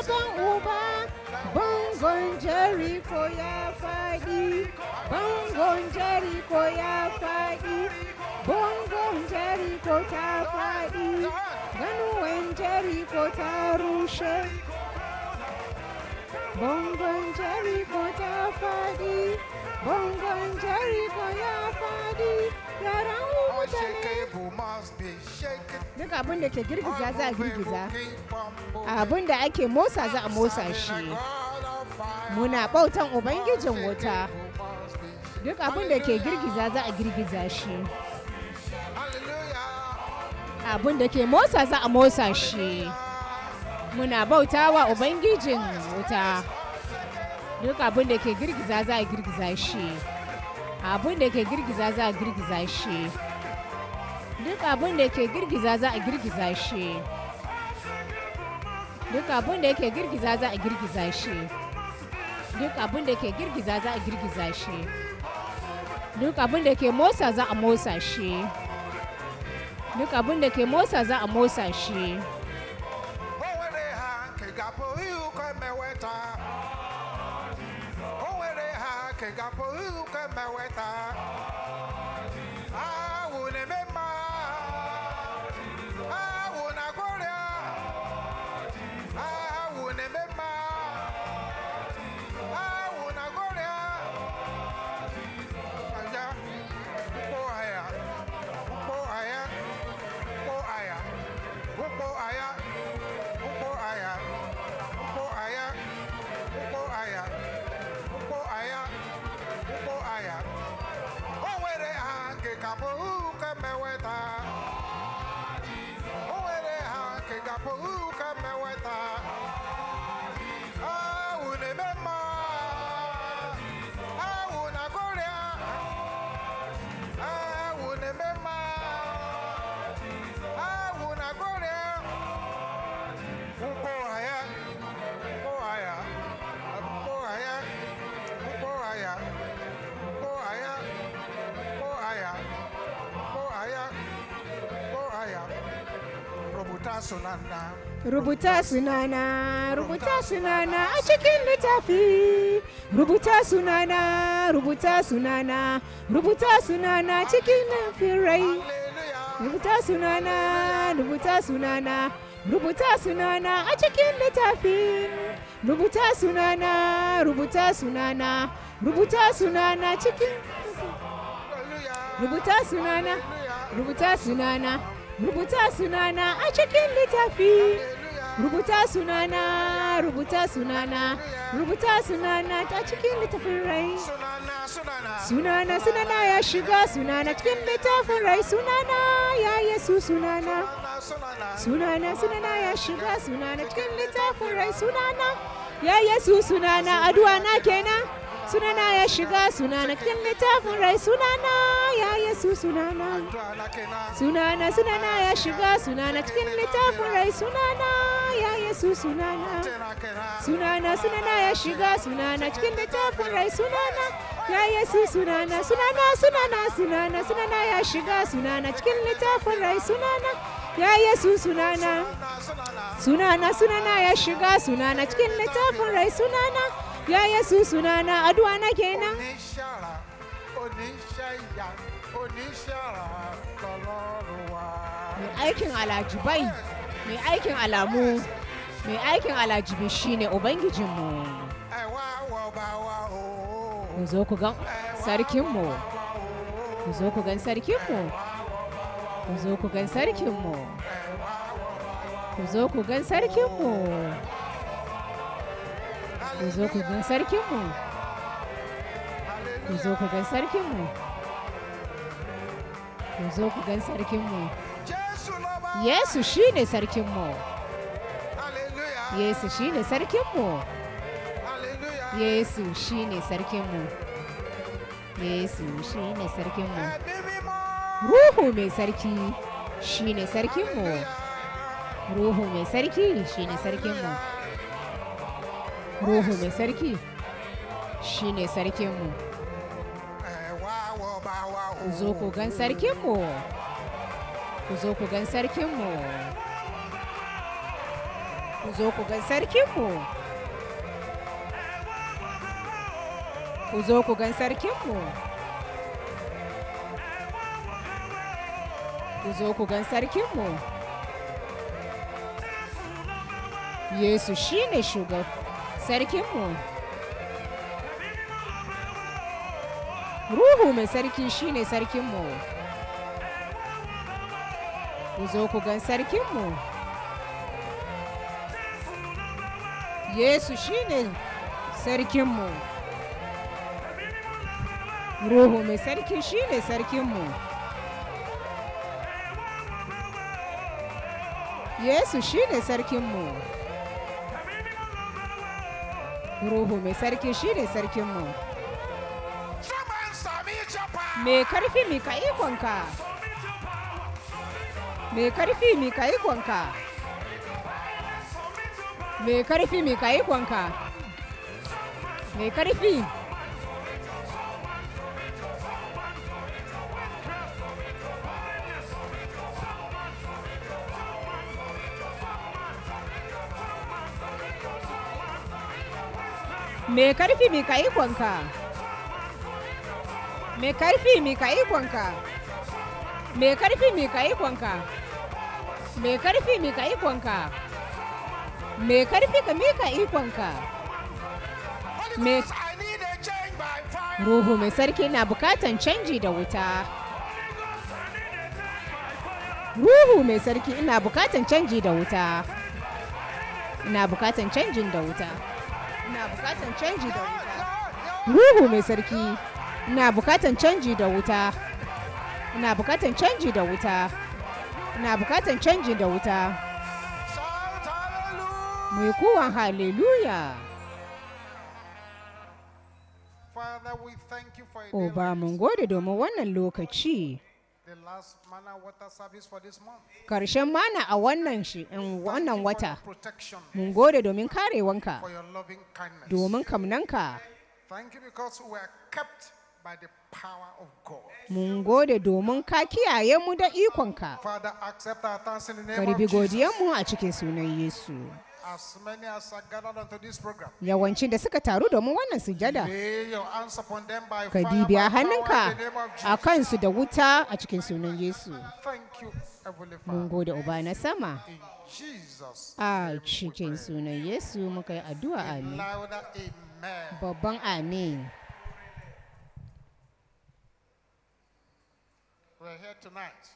ban uba bangon jeriko ya faɗi bangon jeriko ya faɗi bangon jeriko ta faɗi ganuwan jeriko ta rushe bangon ta faɗi, bangon ya faɗi, mutane. Duk abin da ke girgiza za a girgiza, abin da ake motsa za a motsa shi. Muna bautan Ubangijin wuta, duk abin da ke girgiza za a girgiza shi. Abin da ke motsa za a motsa shi. muna bauta wa ubangijin wuta duk abin da ke girgiza za a girgiza shi abin da ke girgiza za a girgiza shi duk abin da ke girgiza za a girgiza shi duk abin da ke girgiza za a girgiza shi duk abin da ke girgiza za a girgiza shi duk abin da ke motsa za a motsa shi duk abin da ke motsa za a motsa shi Oh, where they emeweta o nwere ha ka ga-apụ ụkọ sunana rubuta sunana rubuta sunana a cikin littafi rubuta sunana rubuta sunana rubuta sunana cikin nufin rai rubuta sunana rubuta sunana rubuta sunana a cikin littafi. rubuta sunana rubuta sunana rubuta sunana cikin rubuta sunana rubuta sunana rubuta sunana a cikin littafi rubuta sunana rubuta sunana rubuta sunana ta cikin littafin rai sunana sunana ya shiga sunana cikin littafin rai sunana ya yesu sunana sunana sunana ya shiga sunana cikin littafin rai sunana ya yesu sunana addu'a na kenan sunana ya shiga sunana cikin littafin rai sunana ya yesu sunana sunana sunana ya shiga sunana cikin littafin rai sunana ya yesu sunana sunana sunana ya shiga sunana cikin littafin rai sunana ya yesu sunana sunana sunana sunana sunana ya shiga sunana cikin littafin rai sunana ya yesu sunana sunana sunana ya shiga sunana cikin littafin rai sunana ya yesu sunana addu'a na kenan mai aikin alajibai mai aikin alamu mai aikin alajibi shine ubangijinmu ku zo ku gan sarkinmu ku zo ku gan sarkinmu ku zo ku gan sarkinmu ku zo ku gan sarkinmu Kuzuko dan sarkin mu Kuzuko dan sarkin mu Kuzuko dan sarkin mu Yesu shine sarkin mu Yesu shine sarkin mu Yesu shine sarkin mu Yesu shine sarkin mu Ruhu mai ruho me sarkin mu Ruhu mai ruhu mai sarki shi ne sarkinmu zo ku gan sarkinmu ku zo ku gan sarkinmu ku zo ku gan sarkinmu ku zo ku gan sarkinmu ku zo ku gan sarkinmu yesu shi ne shugaba Série queimou. Ruhume, série Kishine, série que é Usou é é o Kugan, série queimou. Yesu Shine, série queimou. Ruhume, série Kishine, série queimou. Yesu Shine, série queimou. ruhu mai sarki shine sarkinmu mai karfi ka ikonka mai karfi ka ikonka mai karfi ka ikonka mai karfi me karfi mi ka ikonka me karfi mi ka ikonka me karfi mi ka ikonka me karfi mi ka ikonka me karfi ka mi ka ikonka me ruhu mai sarki na bukatan canji da wuta ruhu mai sarki ina bukatan canji da wuta ina bukatan canjin da wuta na bukatan canji da wuta ruhu mai sarki na bukatan canji da wuta na bukatan canji da wuta na bukatan canji da wuta mai kuwan haleluya Oba mun gode domin wannan lokaci. Karshen mana a wannan shi um, wannan wata, mun gode domin karewanka, domin kamnanka. Mun gode domin ka kiyaye mu da ikonka. karbi godiyanmu a cikin sunan Yesu. Yawancin da suka taru domin wannan sujada. Ka dibiya hannunka a kansu da wuta a cikin sunan Yesu. Mun gode Uba na sama. A cikin sunan Yesu muka yi addu'a amin. Babban amin.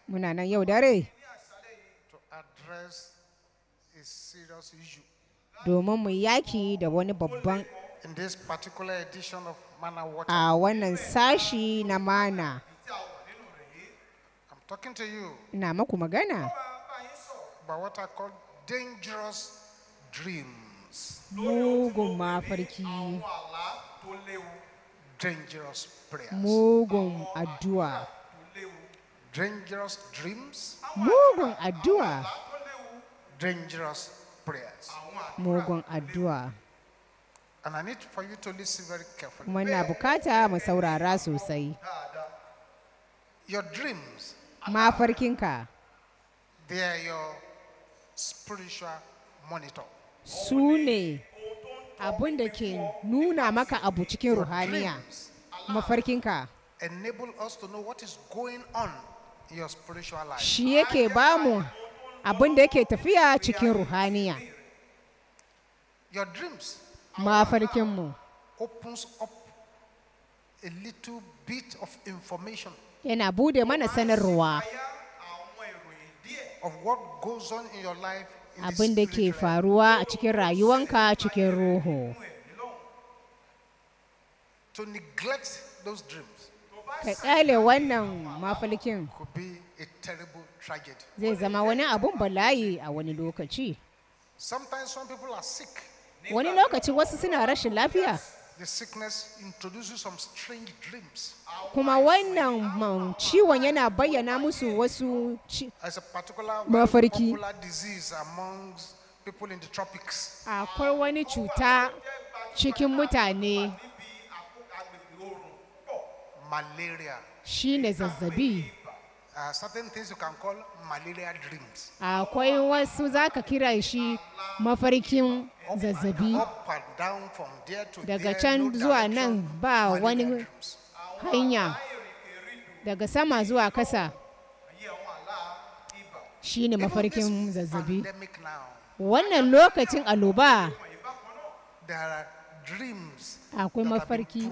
Muna nan yau dare. domin mu yaki da wani babban a wannan sashi na mana na maku magana mugun mafarki mugun addu'a mugun addu'a dangerous prayers. Mugun addu'a. And I need for you to listen very carefully. Muna bukata mu saurara sosai. Your dreams. Mafarkinka. They are your spiritual monitor. Su ne abin da ke nuna maka abu cikin ruhaniya. Mafarkinka. Enable us to know what is going on in your spiritual life. Shi yake ba mu abin da yake tafiya cikin ruhaniya mafarkinmu yana bude mana sanarwa abin da ke faruwa a cikin rayuwanka cikin ruhu ka kyale wannan mafalkin Zai zama wani abun bala'i a wani lokaci. Wani lokaci wasu suna rashin lafiya. Kuma wannan ciwon yana bayyana musu wasu mafarki. Akwai wani cuta cikin mutane shi ne zazzabi. Uh, certain things you can call malaria dreams. Akwai wasu za ka kira shi mafarkin zazzabi. Daga can zuwa nan ba wani hanya daga sama zuwa kasa shi ne mafarkin zazzabi. Wannan lokacin aloba akwai mafarki.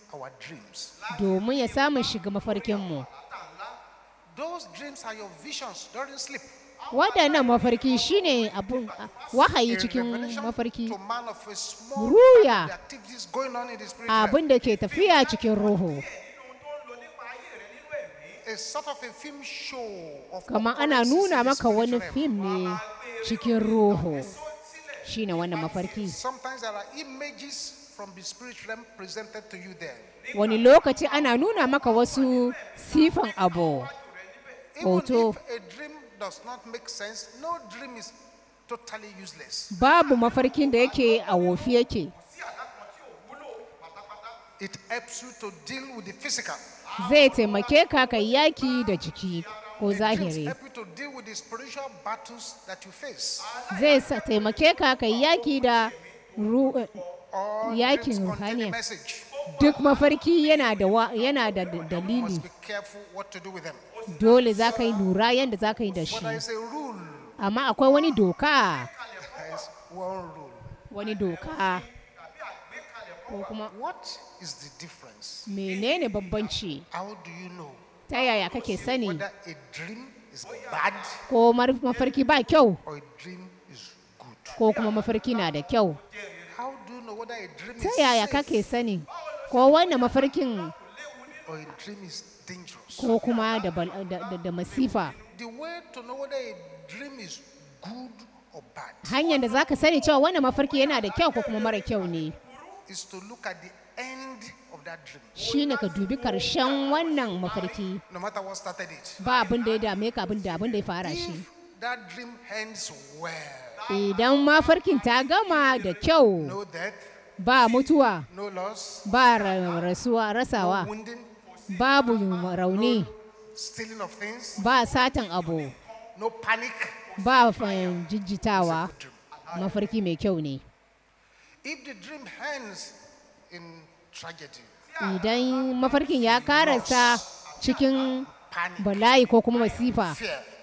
domin ya samu shiga mafarkinmu waɗannan mafarki shine abun wahayi cikin mafarki ruya abin da ke tafiya cikin ruhu kama ana nuna maka wani fim ne cikin ruhu shine wannan mafarki from the spirit realm presented to you there. Wani lokaci ana nuna maka wasu sifan abu. Hoto. Babu mafarkin da yake a wofi yake. It helps you to deal with the physical. Zai taimake ka ka yaki da jiki ko zahiri. Zai taimake ka ka yaki da yakin ruhaniya duk mafarki yana da dalili dole za ka yi lura yadda za ka yi da shi amma akwai wani doka wani doka ko kuma menene bambanci ta yaya kake sani ko mafarki ba kyau ko kuma mafarki na da kyau ta yaya kake sani ko wannan mafarkin ko kuma da masifa hanyar da za ka sani cewa wannan mafarki yana da kyau ko kuma mara kyau ne shi ne ka dubi karshen wannan mafarki ba abin da ya dame ka abin da abin da ya fara shi idan mafarkin ta gama da kyau ba mutuwa ba rasuwa rasawa babu rauni ba satan abu ba jijjitawa mafarki mai kyau ne idan mafarkin ya karasa cikin bala'i ko kuma masifa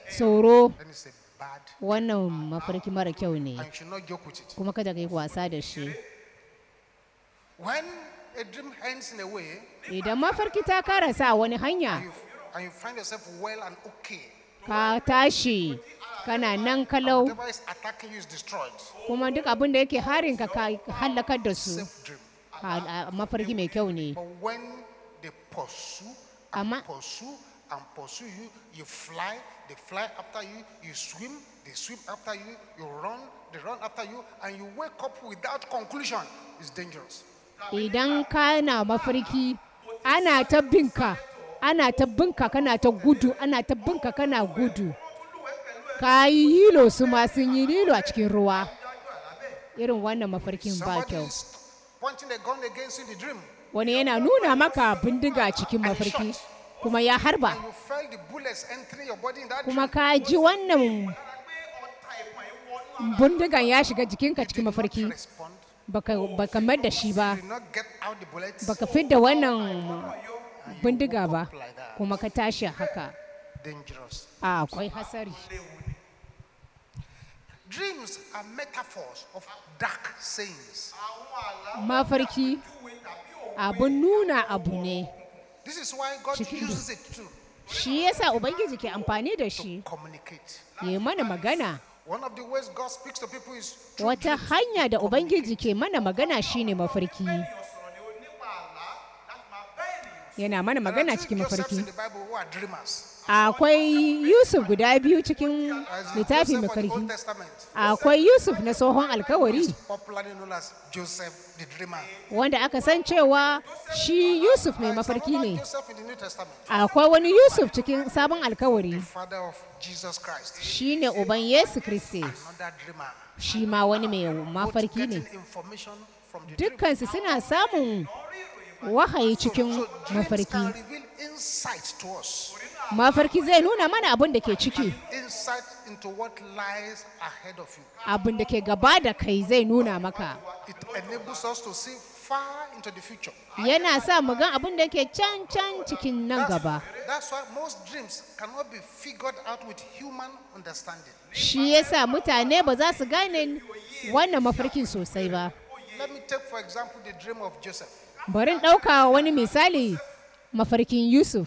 tsoro wannan mafarki mara kyau ne kuma kada ka yi wasa da shi idan mafarki ta karasa a wani hanya ka tashi kana nan kalau kuma duk abin da yake harin ka halakar da su mafarki mai kyau ne amma They swim after you, you run, they run after you, and you wake up without conclusion. It's dangerous. Idan kana mafarki, ana ta binka, ana ta binka kana ta gudu, ana ta binka kana gudu. Ka yi hilo su ma sun yi lilo a cikin ruwa. Irin wannan mafarkin ba kyau. Wani yana nuna maka bindiga cikin mafarki, kuma ya harba. Kuma ka ji wannan bundugan ya shiga jikinka cikin mafarki ba ka da shi ba ka fi da wannan bindiga ba kuma ka tashi haka a akwai hasari Dreams are metaphors of dark sayings. Mafarki abun nuna abu ne. Shi yasa Ubangiji ke amfani da shi, ya mana magana Wata hanya da Ubangiji ke mana magana shine mafarki. Yana mana magana cikin mafarki. akwai yusuf guda biyu cikin littafi mai akwai yusuf na tsohon alkawari wanda aka san cewa shi yusuf mai mafarki ne akwai wani yusuf cikin sabon alkawari shi ne uban yesu kristi shi ma wani mai mafarki ne dukkansu suna samun wahayi cikin mafarki mafarki zai nuna mana abin da ke ciki abin da ke gaba da kai zai nuna maka yana sa mu gan abin da ke can can cikin nan gaba shi yasa mutane ba za su gane wannan mafarkin sosai ba bari ɗauka wani misali mafarkin yusuf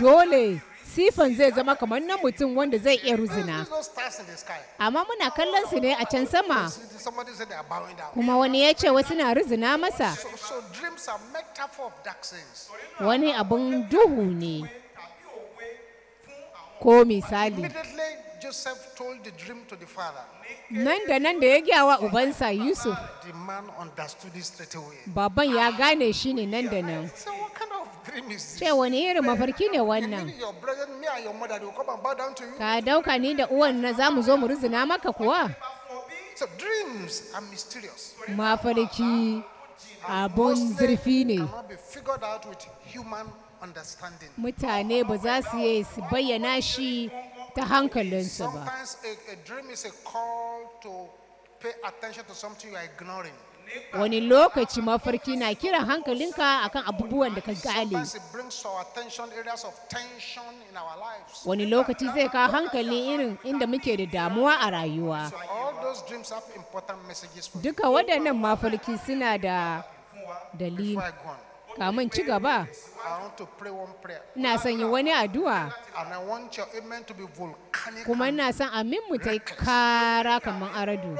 dole sifan zai zama kamar na mutum wanda zai iya ruzina amma muna kallon su ne a can sama kuma wani ya ce wasu na ruzina masa wani abin duhu ne ko misali nan da nan da ya gyawa ubansa yusuf baban ya gane shi ne nan da nan ce wani irin mafarki ne wannan ka dauka ni da uwan na za mu zo mu rizina maka kuwa mafarki abun zurfi ne mutane ba za su yi su bayyana shi ta hankalinsu ba wani lokaci mafarki na kiran hankalinka akan abubuwan da ka gale wani lokaci zai kawo hankali irin inda muke da damuwa a rayuwa duka waɗannan mafarki suna da dalili kamun ci gaba ina sanya wani addu'a kuma ina san amin mu ta yi kara kamar aradu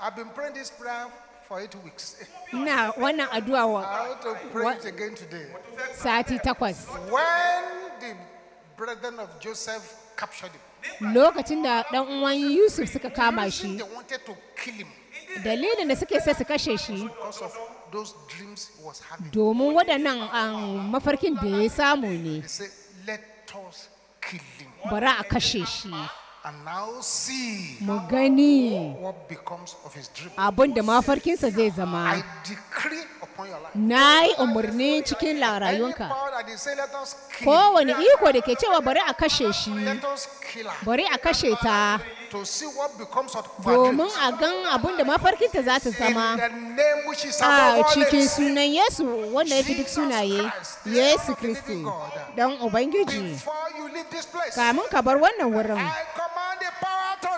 I've been praying this prayer for eight weeks. Ina wannan addu'a wa sati takwas. When the brethren of Joseph captured him. Lokacin da ɗan uwan Yusuf suka kama shi. They to kill Dalilin da suke sai su kashe shi. Domin waɗannan um, mafarkin da ya samu ne. bara a kashe shi. mu gani abin da mafarkinsa zai zama na yi umarni cikin larayunka. kowane iko da ke cewa bari a kashe shi bari a kashe ta domin a gan abin da mafarkinta za ta zama a cikin sunan yesu wanda ya fi duk sunaye yesu kristi don ubangiji kamun ka bar wannan wurin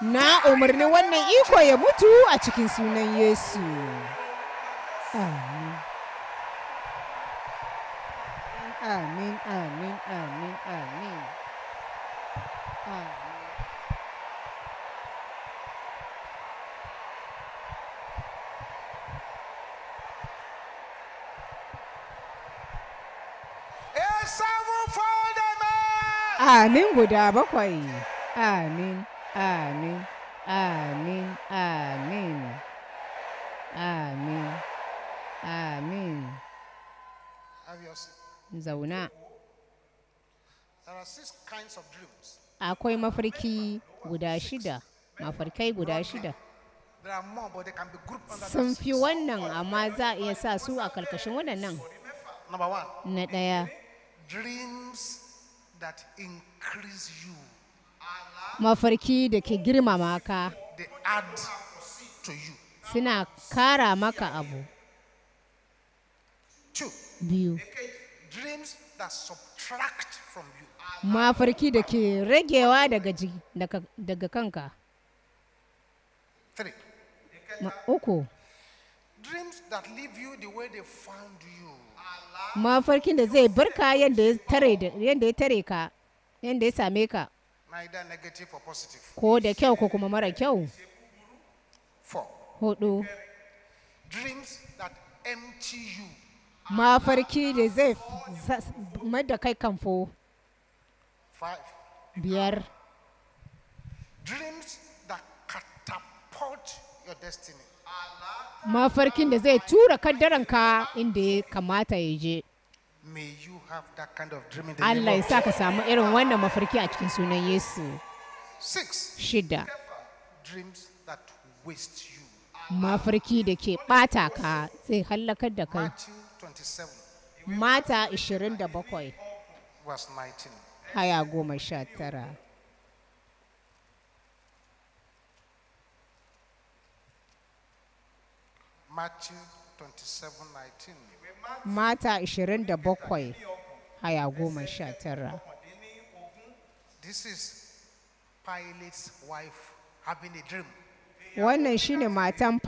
na umarni wannan iko ya mutu a cikin sunan Yesu. Amin. Amin, amin, amin, amin. Amin guda bakwai. Amin. Amin, Amin, Amin, Amin, Amin. Zauna. Akwai mafarki guda shida, mafarkai guda shida. Sun fi wannan amma za a iya sa su a karkashin waɗannan. Na ɗaya. Dreams that increase you. mafarki da ke girmama ka suna kara maka abu biyu mafarki da ke ragewa daga kanka uku mafarkin da zai barka yadda ya tare ka yadda ya same ka ko da kyau ko kuma mara kyau hudu mafarki da zai mada kai kamfo biyar mafarkin da zai tura kaddaranka inda ya kamata ya je Allah ya sa ka samu irin wannan mafarki a cikin sunan Yesu. Shida. Mafarki da ke ɓata ka zai hallakar da kai. Mata 27. Haya goma sha tara. Matthew 27, mata 27 haya goma sha tara wannan shine matan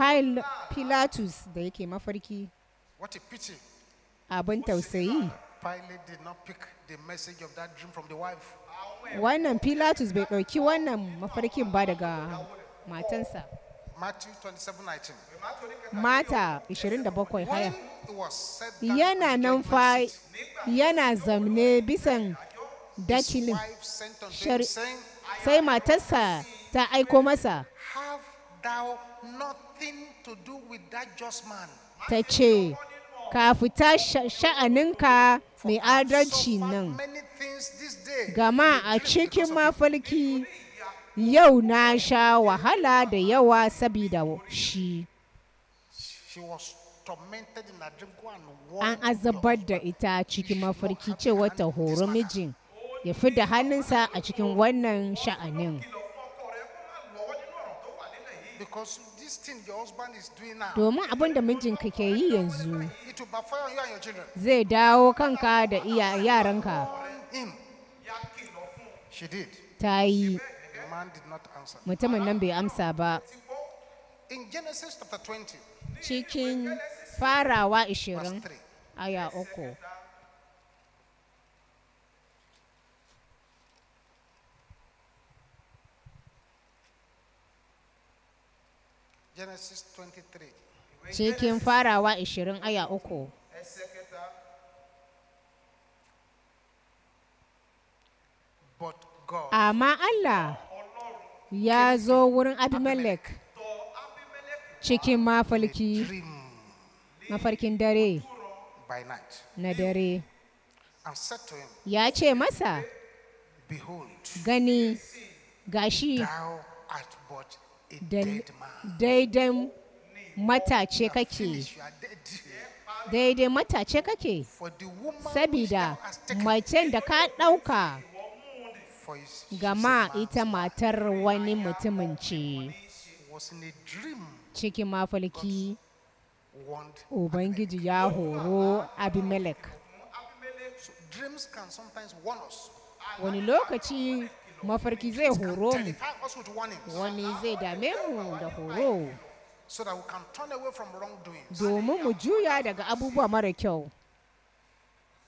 pilatus da yake mafarki abin tausayi wannan pilatus bai ɗauki wannan mafarkin ba daga matansa Mata 27 haya. Yana nan fa yana zamne bisan dakilin sai matarsa ta aiko masa. Ta ce, ka fita sha'aninka mai adalci nan, gama a cikin mafalki yau na sha wahala da yawa sabida shi an azabar da ita cikin mafarki cewa ta horo mijin ya fi da hannunsa a cikin wannan sha'anin domin abin da mijinka ke yi yanzu zai dawo kanka da yaranka ta yi mutumin nan bai amsa ba cikin farawa ishirin aya uku cikin farawa aya uku amma Allah ya zo wurin abimelech cikin mafalki mafarkin dare na dare ya ce masa gani gashi daidai matace kake daidai matace kake sabida macen da ka ɗauka gama ita matar wani mutumin ce cikin mafalki ubangiji ya horo abimelek wani lokaci mafarki zai horo mu wani zai dame mu da horo domin mu juya daga abubuwa mara kyau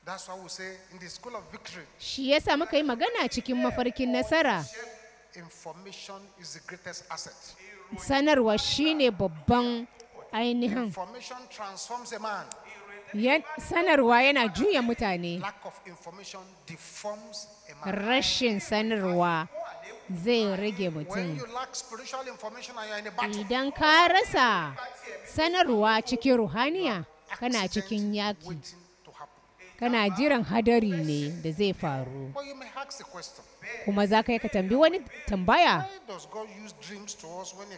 That's why we the school of Shi yasa muka yi magana cikin mafarkin nasara. Information is the babban ainihin. Information sanarwa yana juya mutane. Rashin sanarwa zai rage mutum. Idan ka rasa sanarwa cikin ruhaniya kana cikin yaki. kana jiran hadari ne da zai faru kuma za ka yi ka tambi wani tambaya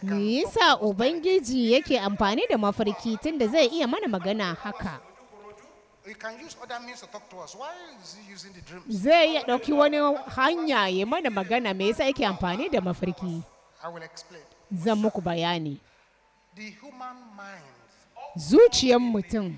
me yasa ubangiji yake amfani da mafarki tun da zai iya mana magana haka zai iya ɗauki wani hanya ya mana magana me yasa yake amfani da mafarki zan muku bayani zuciyar mutum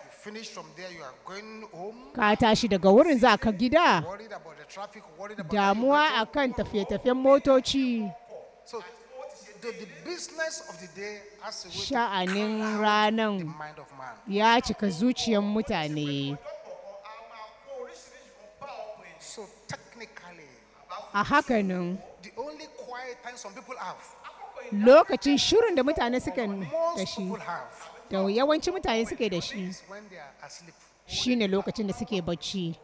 ka tashi daga wurin za ka gida damuwa akan tafiye-tafiyen motoci sha'anin ranan ya cika zuciyar mutane a hakanin lokacin shirin da mutane suka tashi. da yawanci mutane suke da shi shi ne lokacin da suke bacci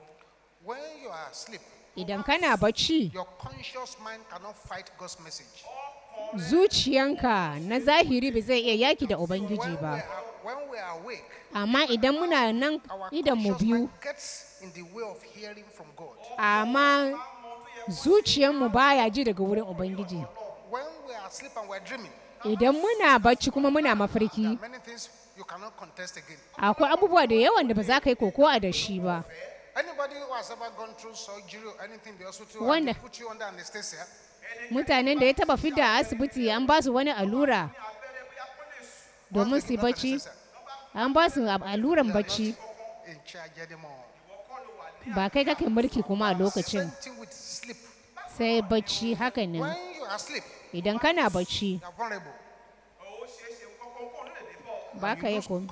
idan kana bacci zuciyanka na zahiri ba zai iya yaki da ubangiji ba amma idan muna nan idan mu biyu amma zuciyanmu baya ji daga wurin ubangiji idan muna bacci kuma muna mafarki akwai abubuwa da yawan da ba za ka yi kokowa da shi ba wanda mutanen da ya taba fida a asibiti an ba su wani allura domin su bacci an ba su alluran bacci ba kai kake mulki kuma a lokacin sai bacci haka ne idan kana bacci ba ka yi komi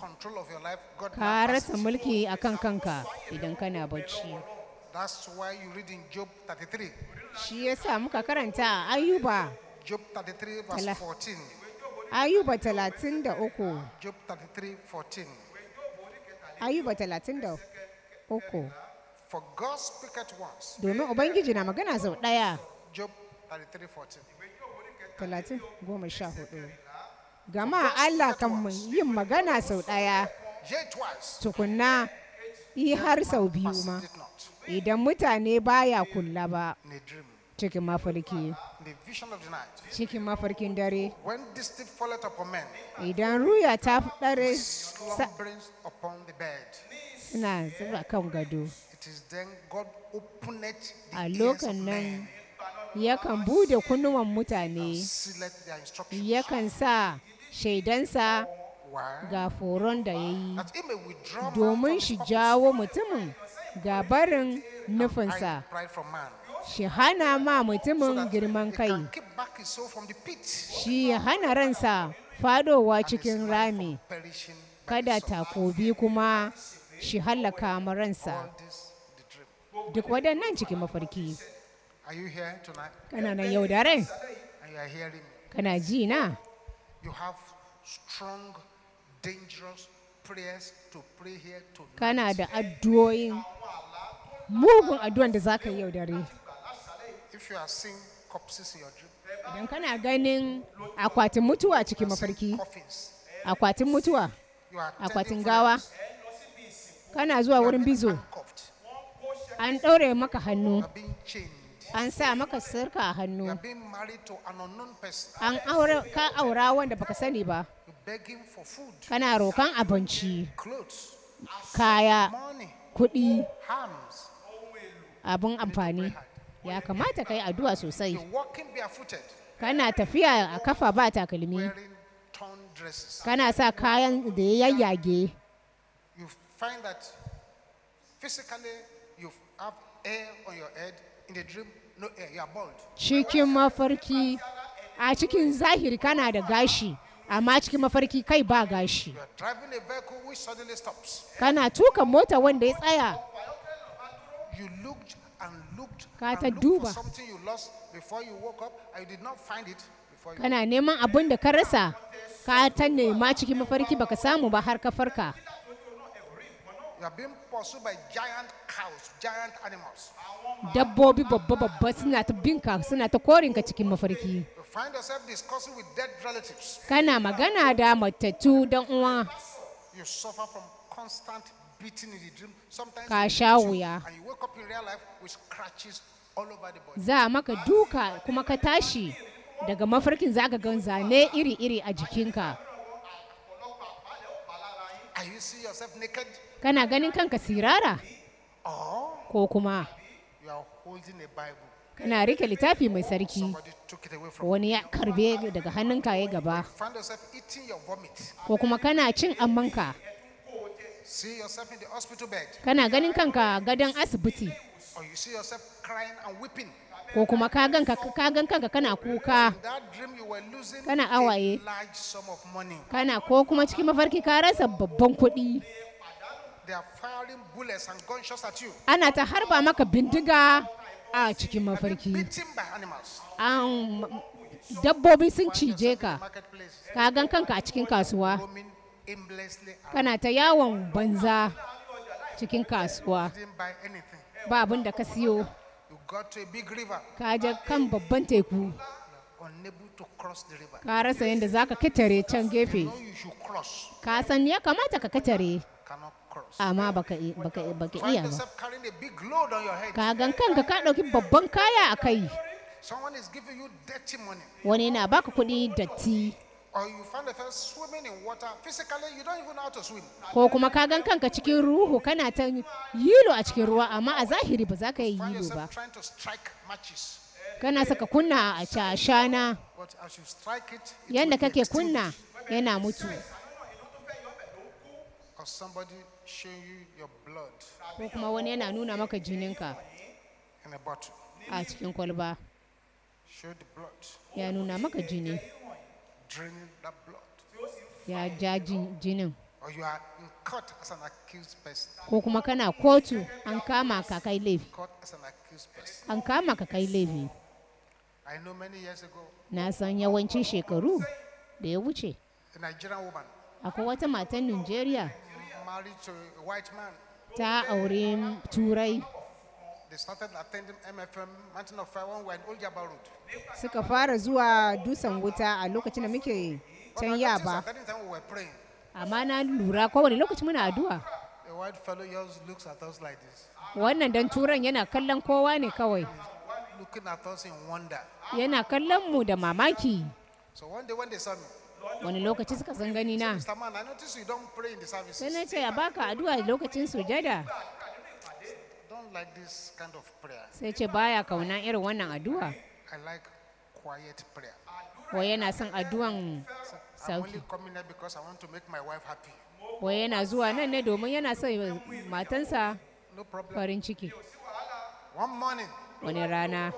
ka rasa mulki a kan kanka idan kana bacci shi ya sa muka karanta ayuba ayuba 33 ayuba 33 domin ubangiji na magana sau ɗaya Job talatin goma sha hudu gama Allah kan yin magana sau ɗaya tukunna yi har sau biyu ma idan mutane baya kulla ba cikin mafarki cikin mafarkin dare idan ruya ta ɗare suna zuba kan gado a lokacin nan yakan bude kunnuwan mutane yakan sa shaidansa ga foron da ya yi domin shi jawo mutumin ga barin nufinsa shi hana ma mutumin girman kai shi hana ransa fadowa cikin rami kada takobi kuma shi hallaka ransa duk waɗannan cikin mafarki Are you here tonight? Kana nan yau da rai? Kana ji na? You have strong, dangerous prayers to pray here tonight. Kana da addu'o'in mugun addu'an da zaka yi yau da rai. If you are seeing corpses in your dream. Idan kana ganin akwatin mutuwa cikin mafarki. Akwatin mutuwa. Akwatin gawa. Kana zuwa wurin bizo. An ɗaure maka hannu. an sa maka sirka a hannu an ka aura wanda baka sani ba kana rokan abinci kaya kuɗi abin amfani ya kamata kai addu'a sosai kana tafiya a kafa ba takalmi kana sa kayan da ya yayyage physically you have air on your head in the dream Eh, cikin mafarki a cikin zahiri kana da gashi amma cikin mafarki kai ba gashi kana tuka mota wanda ya tsaya ka ta duba kana neman abin da ka rasa ka ta nema cikin mafarki baka samu ba har ka farka Dabbobi babba babba suna ta binka suna ta korinka cikin mafarki. Kana magana da matattu don uwa. ka sha wuya. Za maka duka kuma ka tashi daga mafarkin za ga gan zane iri-iri a jikinka. Are you see yourself kana ganin kanka sirara ko kuma kana rike littafi mai sarki wani ya karbe daga hannunka ya gaba ko kuma kana cin ammanka kana ganin kanka gadon asibiti ko kuma ka gan kanka kana kuka kana awaye kana ko kuma cikin mafarki ka rasa babban kuɗi ana ta harba maka bindiga a cikin mafarki dabbobi sun cije ka ka gan kanka a cikin kasuwa kana ta yawon banza cikin kasuwa ba abin da ka siyo ka je kan babban teku ka rasa yadda za ka kitare can gefe ka san ya kamata ka kitare amma ka kanka ka ɗauki babban kaya a kai wani na baka kuɗi datti ko kuma ka gan kanka cikin ruhu kana ta yilo a cikin ruwa amma a zahiri ba za ka yi yilo ba kana saka kunna a shana yadda kake kunna yana mutu for somebody showing you your blood ko kuma wani yana nuna maka jininka in a bottle cikin kwalba show the blood ya nuna maka jini draining that blood ya ja jinin or you are in court as an accused person ko kuma kana kotu an kama ka kai laifi an kama ka kai laifi na san yawancin shekaru da ya wuce akwai wata matan Nigeria ta aure turai suka fara zuwa dusan wuta a lokacin da muke can ya ba amma na lura kowane lokaci muna addu'a wannan dan turan yana kallon kowa ne kawai yana kallon mu da mamaki wani lokaci suka san gani na sai na ce a baka addu'a lokacin sujada sai ce baya kauna irin wannan addu'a Wa yana son addu'an sauki Wa yana zuwa nan ne domin yana son matansa farin ciki wani rana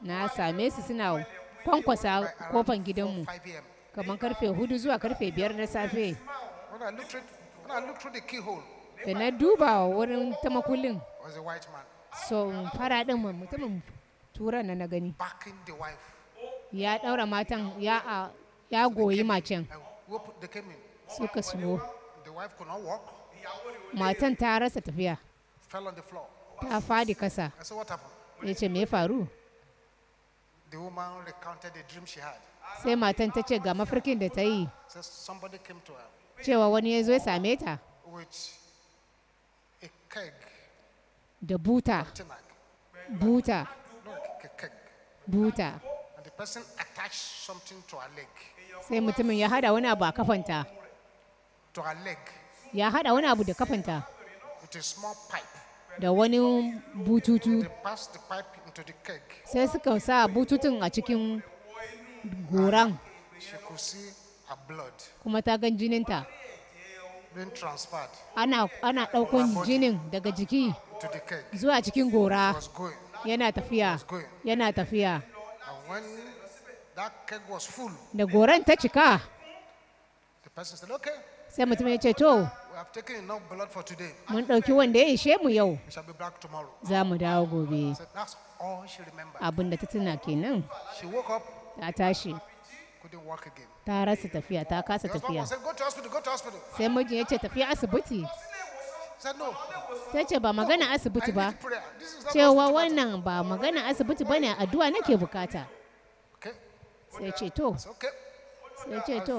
na same su suna kwankwasa kofan gidanmu kamar karfe hudu zuwa karfe biyar na safe da na duba wurin ta makullin so fara ɗin mutumin turan na gani ya ɗaura matan ya goyi macen suka shigo matan ta rasa tafiya ta fadi kasa ya ce me faru the woman recounted the dream she had. Sai matan ta ce ga mafarkin da ta yi. somebody came Cewa wani ya zo ya same ta. a keg. Da buta. Buta. Buta. Sai mutumin ya hada wani abu a kafanta. Ya hada wani abu da kafanta. Da wani bututu. sai suka sa bututun a cikin goran kuma ta gan jininta ana ɗaukun jinin daga jiki zuwa cikin gora yana tafiya yana tafiya da goran ta cika sai mutum ya ce to mun ɗauki wanda ya ishe mu yau za mu dawo gobe abin da ta tuna kenan ta tashi ta rasa tafiya ta kasa tafiya sai mijin ya ce tafiya asibiti ta ce ba magana asibiti ba cewa wannan ba magana asibiti ba ne addu'a nake bukata sai ce to sai ce to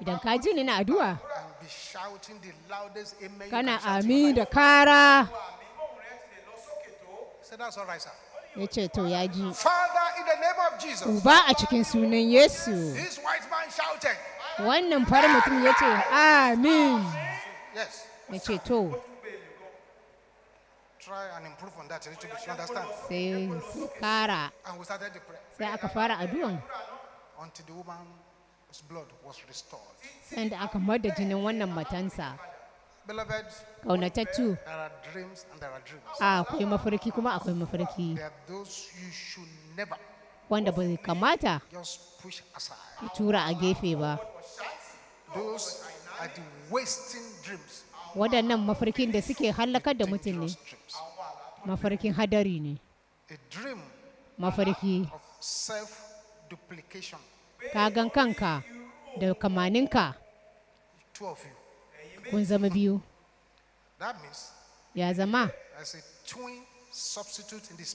Idan ka ji ni na addu'a, kana amin da kara. Ya ce to ya ji. Uba a cikin sunan Yesu. Wannan fara mutum ya ce amin. Ya ce to. Sai kara. Sai aka fara addu'an. sanda aka mada jinin wannan matansa ƙaunatattu ah, akwai mafarki kuma akwai mafarki wanda ba kamata ki tura a gefe ba waɗannan mafarkin da suke hallakar da mutum ne mafarkin hadari ne mafarki ka gan kanka da kamaninka kun zama biyu ya zama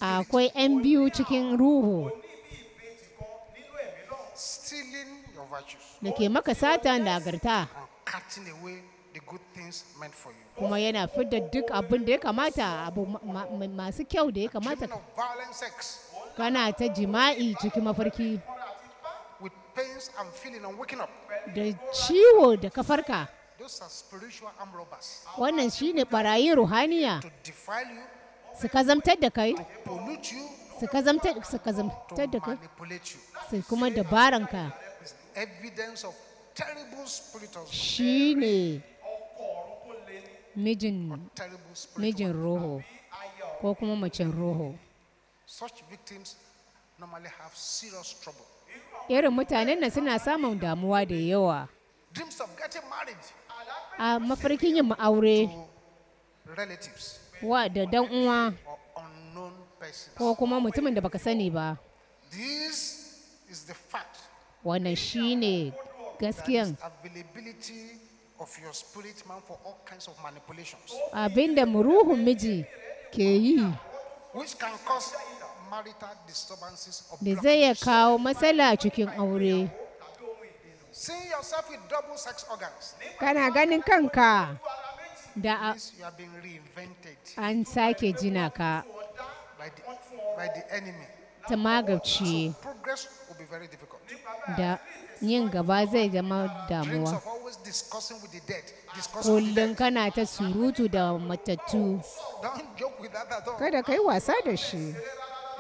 akwai 'yan biyu cikin ruhu da ke maka sata nagarta kuma yana fidda duk abin da ya kamata abu masu kyau da ya kamata kana ta jima'i cikin mafarki da ciwo da ka farka wannan ne barayi ruhaniya su kazamtar da kai su kazamtar da kai su kuma dabaranka shi ne mijin roho ko kuma macen roho such victims normally have serious trouble irin mutanen na suna samun damuwa da yawa a mafarkin yin aure wa da dan uwa ko kuma mutumin da baka sani ba wannan shi ne gaskiyan abinda muruhun miji ke yi da zai ya kawo matsala cikin aure. Kana ganin kanka da an sake jina ka ta magabci da yin gaba zai zama damuwa. Kullum kana ta surutu da matattu. Kada ka yi wasa da shi.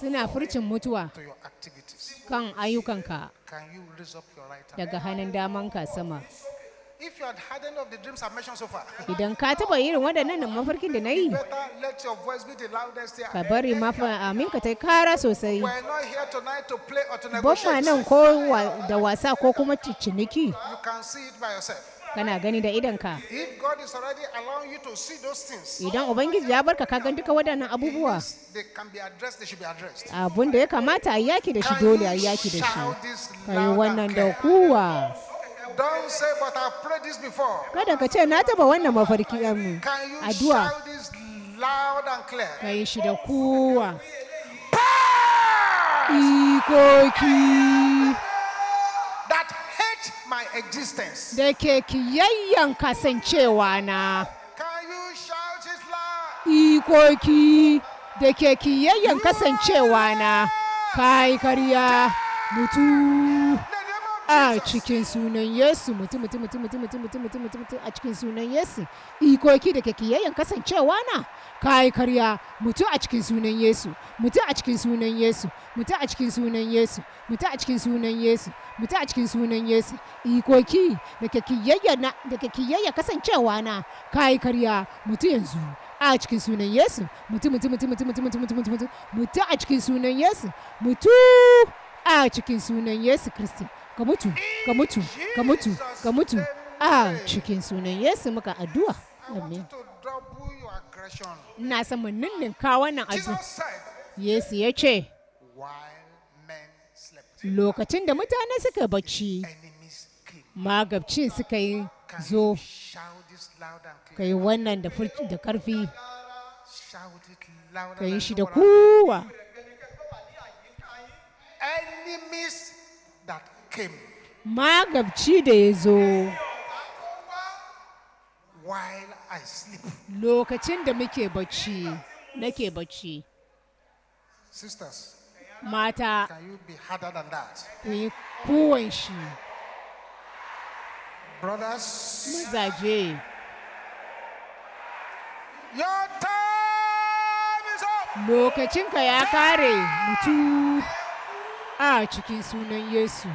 suna furcin mutuwa kan ayyukanka daga hannun daman ka sama Idan ka taba irin waɗannan mafarkin da na yi, ka bari mafa amin ka ta kara sosai. Bamma nan ko da wasa ko kuma ciniki, kana gani da idanka idan ubangiji ya barka ka gan duka waɗannan abubuwa abun da ya kamata a yaki da shi dole a yaki da shi ka yi wannan da kuwa kada ka ce na taba wannan mafarki addu'a ka yi shi da kuwa ikoki da ke kiyayyan kasancewa na ikoki da ke kiyayyan kasancewa na kai karya mutum. a cikin sunan Yesu mutum mutum mutum mutum mutum mutum mutum mutum mutum a cikin sunan Yesu ikoki da kakiyayyen kasancewa na kai karya mutum a cikin sunan Yesu mutum a cikin sunan Yesu mutum a cikin sunan Yesu mutum a cikin sunan Yesu mutum a cikin sunan Yesu ikoki da na da kakiyayyen kasancewa na kai karya mutum yanzu a cikin sunan Yesu mutum mutum mutum mutum mutum mutum mutum mutum mutum mutu a cikin sunan Yesu mutum a cikin sunan Yesu Kristi ka mutu ka mutu ka mutu ka mutu a cikin sunan yesu muka addu'a amin na saman kawo wannan addu'a yesu ya ce lokacin da mutane suka bacci magabcin suka yi zo ka yi wannan da karfi ka yi shi da kowa magabci da ya zo lokacin da muke bacci nake bacci mata ku yi kowon shi mazaje lokacinka ya kare mutu a cikin sunan yesu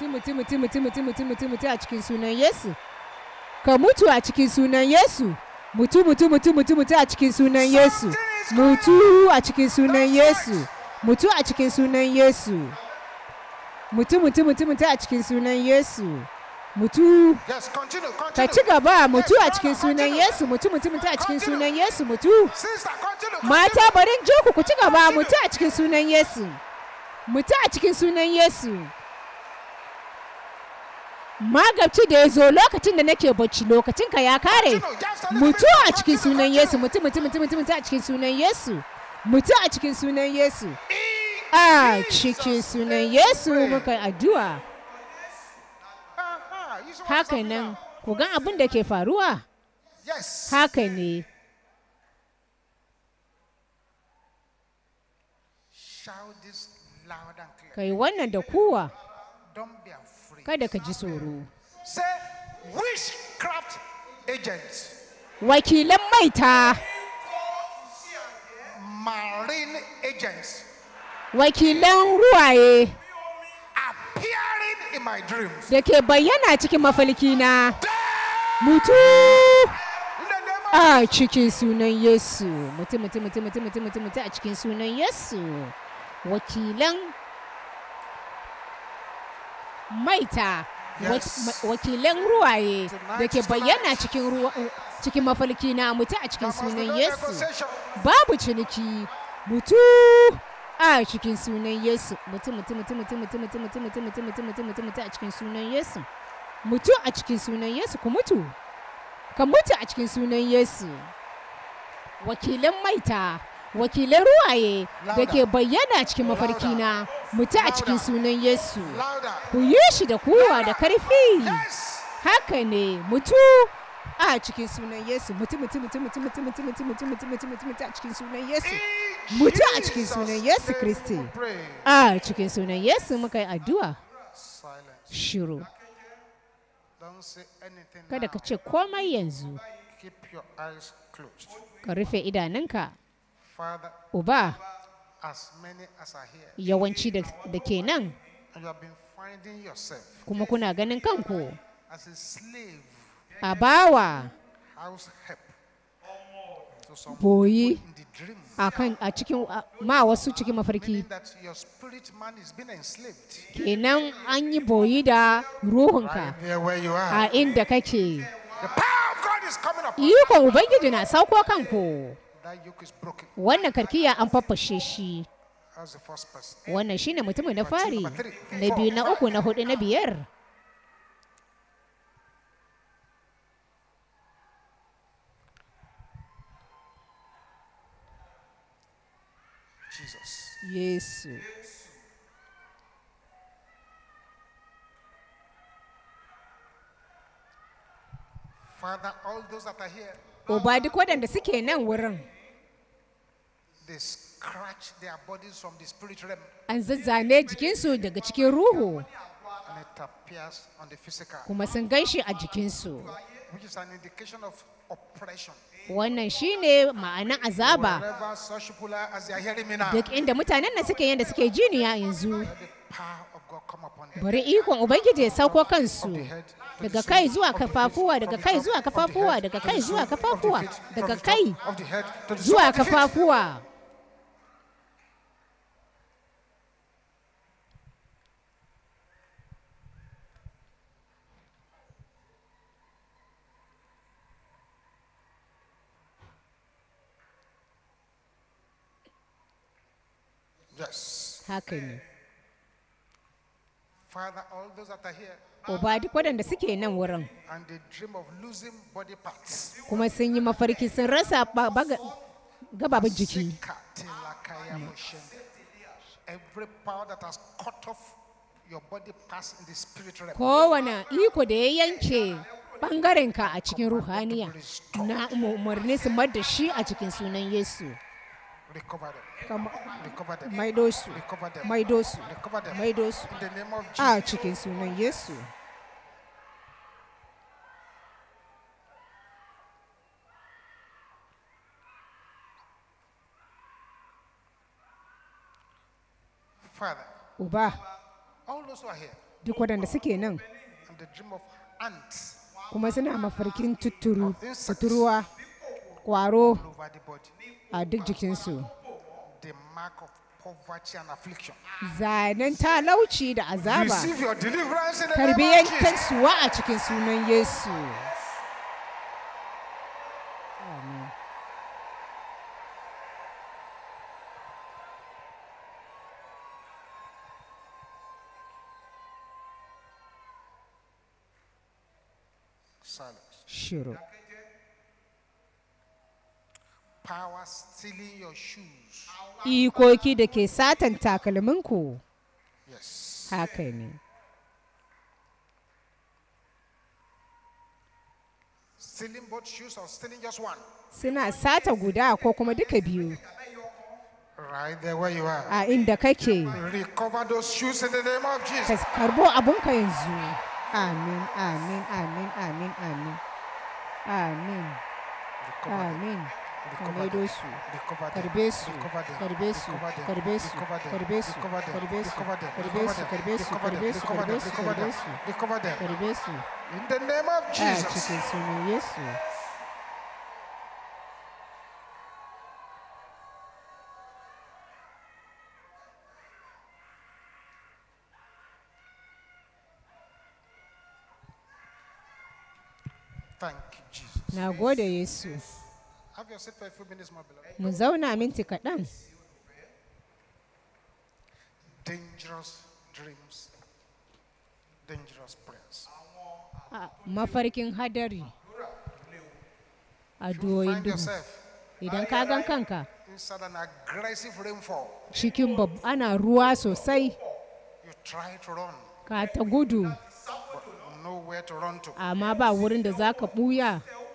mutu mutu mutu mutu mutu mutu mutu a cikin sunan Yesu ka mutu a cikin sunan Yesu mutu mutu mutu mutu mutu a cikin sunan Yesu mutu a cikin sunan Yesu mutu a cikin sunan Yesu mutu mutu mutu mutu a cikin sunan Yesu mutu ka ci gaba mutu a cikin sunan Yesu mutu mutu mutu a cikin sunan Yesu mutu mata bari joku ku ci gaba mutu a cikin sunan Yesu mutu a cikin sunan Yesu magabci da ya zo lokacin da nake bacci lokacin ka ya kare mutu a cikin sunan yesu mutu mutu mutu mutu a cikin sunan yesu mutu a cikin sunan yesu a cikin sunan yesu muka addu'a haka nan ku ga abin da ke faruwa haka ne kai wannan da kowa kada ka ji tsoro wakilan maita wakilan ruwaye da ke bayyana cikin mafalkina mutu a cikin sunan yesu mutu mutu mutu mutu mutu mutu a cikin sunan yesu wakilan maita wakilan ruwaye da ke bayyana cikin mafalki na mutu a cikin sunan yesu babu ciniki mutu a cikin sunan yesu mutu mutu mutu mutu mutu mutu mutu mutu mutu mutu mutu mutu mutu a cikin sunan yesu mutu a cikin sunan yesu ku mutu ka mutu a cikin sunan yesu wakilan maita wakilan ruwaye da ke bayyana cikin mafarkina mutu a cikin sunan yesu ku yi shi da kuwa da karfi haka ne mutu a cikin sunan yesu mutu mutu mutu mutu mutu mutu mutu mutu mutu mutu mutu mutu a cikin sunan yesu mutu a cikin sunan yesu kristi a cikin sunan yesu muka yi addu'a shiru kada ka ce komai yanzu ka rufe idanunka Uba, yawanci da ke nan, kuma kuna ganin kanku a bawa boyi a cikin ma wasu cikin mafarki kenan an yi boyi da ruhunka a inda kake ikon ubangiji na sauko kanku wannan karkiya an faffashe shi wannan shine mutumin na fari na biyu na uku na hudu na biyar Yesu. Uba duk waɗanda suke nan wurin. An zazzane jikinsu daga cikin ruhu kuma sun gan shi a jikinsu. Wannan shi ne ma'anin azaba duk inda mutanen nan suke yadda suke jiniya yanzu. Bari ikon Ubangiji ya sauko kansu daga kai zuwa kafafuwa, daga kai zuwa kafafuwa, daga kai zuwa kafafuwa, daga kai zuwa kafafuwa. haka ne Uba duk waɗanda suke nan wurin kuma sun yi mafarki sun rasa gababin jiki kowane iko da ya yanke ɓangarenka a cikin ruhaniya na umarni su da shi a cikin sunan yesu maido su a cikin sunan yesu uba duk waɗanda suke nan kuma suna mafarkin tutturuwa kwaro a duk jikinsu zanen talauci da azaba karbi yankansuwa a cikin sunan yesu Ikoki da ke satan takalminku. Haka ne. Suna sata guda ko kuma duka biyu. A inda kake. Recover those shoes Amin, amin, amin, amin, amin. Ka karbo abunka yanzu. Amin, amin, amin, amin, amin. Amin. Amin. Kamedosu, Karbesu, Karbesu, Karbesu, Karbesu, Karbesu, Karbesu, Karbesu, Karbesu, Karbesu, Karbesu, Karbesu. In the name of Jesus. Thank you, Jesus. Na gode Yesu. Mu zauna minti kaɗan. Mafarkin hadari. a doyin duhu. Idan ka gan kanka. Cikin babu ana ruwa sosai. Ka ta gudu. Amma ba wurin da za ka ɓuya.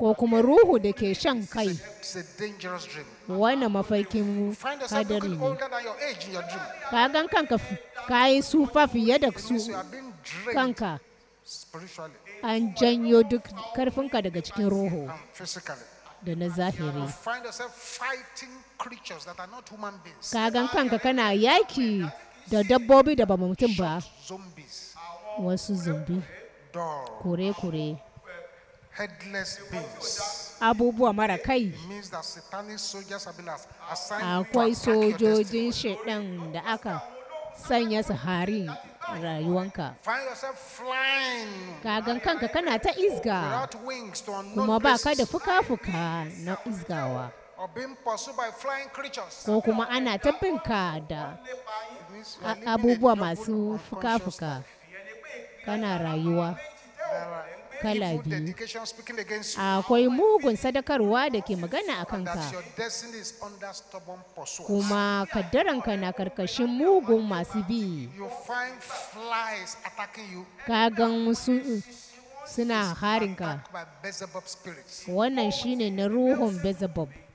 ko kuma ruhu da ke shan kai wani mafarkin hadari ne ka gan kanka ka yi sufa fiye da su kanka an janyo duk karfinka daga cikin ruhu da na zahiri. Kagan kanka kana yaki da dabbobi da ba mutum ba, wasu zumbi, kure-kure. headless beings abubuwa mara kai akwai sojojin shaɗan da aka sanya su hari rayuwanka kagan kanka kana ta isga kuma ba ka da fuka-fuka na isgawa ko kuma ana ta binka da abubuwa masu fuka-fuka kana rayuwa kala biyu akwai mugun sadakarwa da ke magana a kanka kuma kaddaranka na karkashin mugun masu bi wasu uh, suna harinka wannan shine na ruhun bezabob.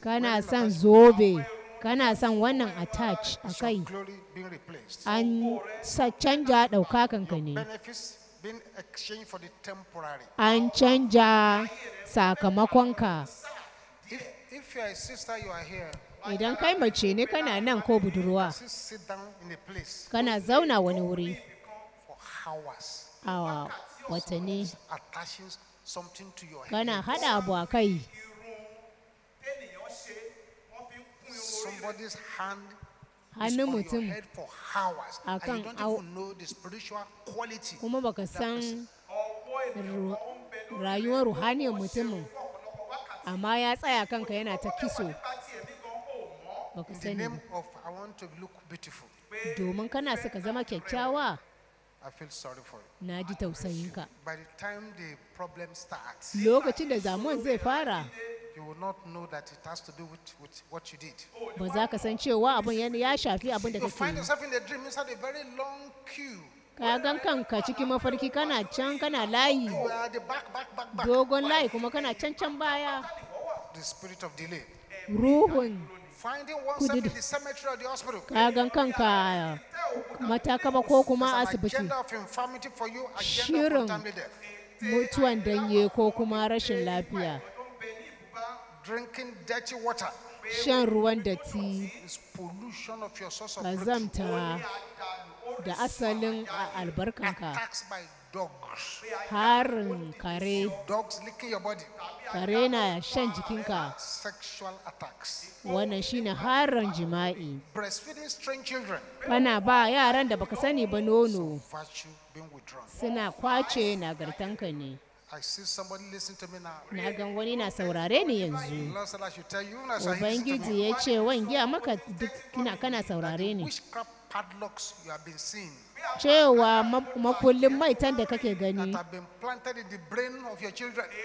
kana son zobe kana son wannan attach a kai an canja ka ne an canja sakamakonka idan kai mace ne kana nan ko budurwa kana zauna wani wuri a watanni kana haɗa abu a kai for hannun mutum spiritual quality kuma that san rayuwar ruhaniyar mutumin amma ya tsaya kanka yana ta kiso baka sani domin kana suka zama kyakkyawa na ji tausayinka lokacin da zamuwan zai fara you will not know that it has to do with, with what you did. Ba za ka san cewa abun ya shafi abun da kake. You find yourself in dream inside a very long queue. Ka gan kanka cikin mafarki kana can kana layi. Dogon layi kuma kana can can baya. The spirit of delay. Ruhun Ka gan kanka matakaba ko kuma asibiti. Shirin mutuwan danye ko kuma rashin lafiya. drinking water shan ruwan datti kazamta da asalin albarkanka harin kare kare na shan jikinka wannan shine harin jima'i kana ba yaran da baka sani ba nono suna kwace nagartanka ne na gan wani na saurare ni yanzu ubangiji ya ce wan giya maka duk kina kana saurare ni cewa makullin maitan da kake gani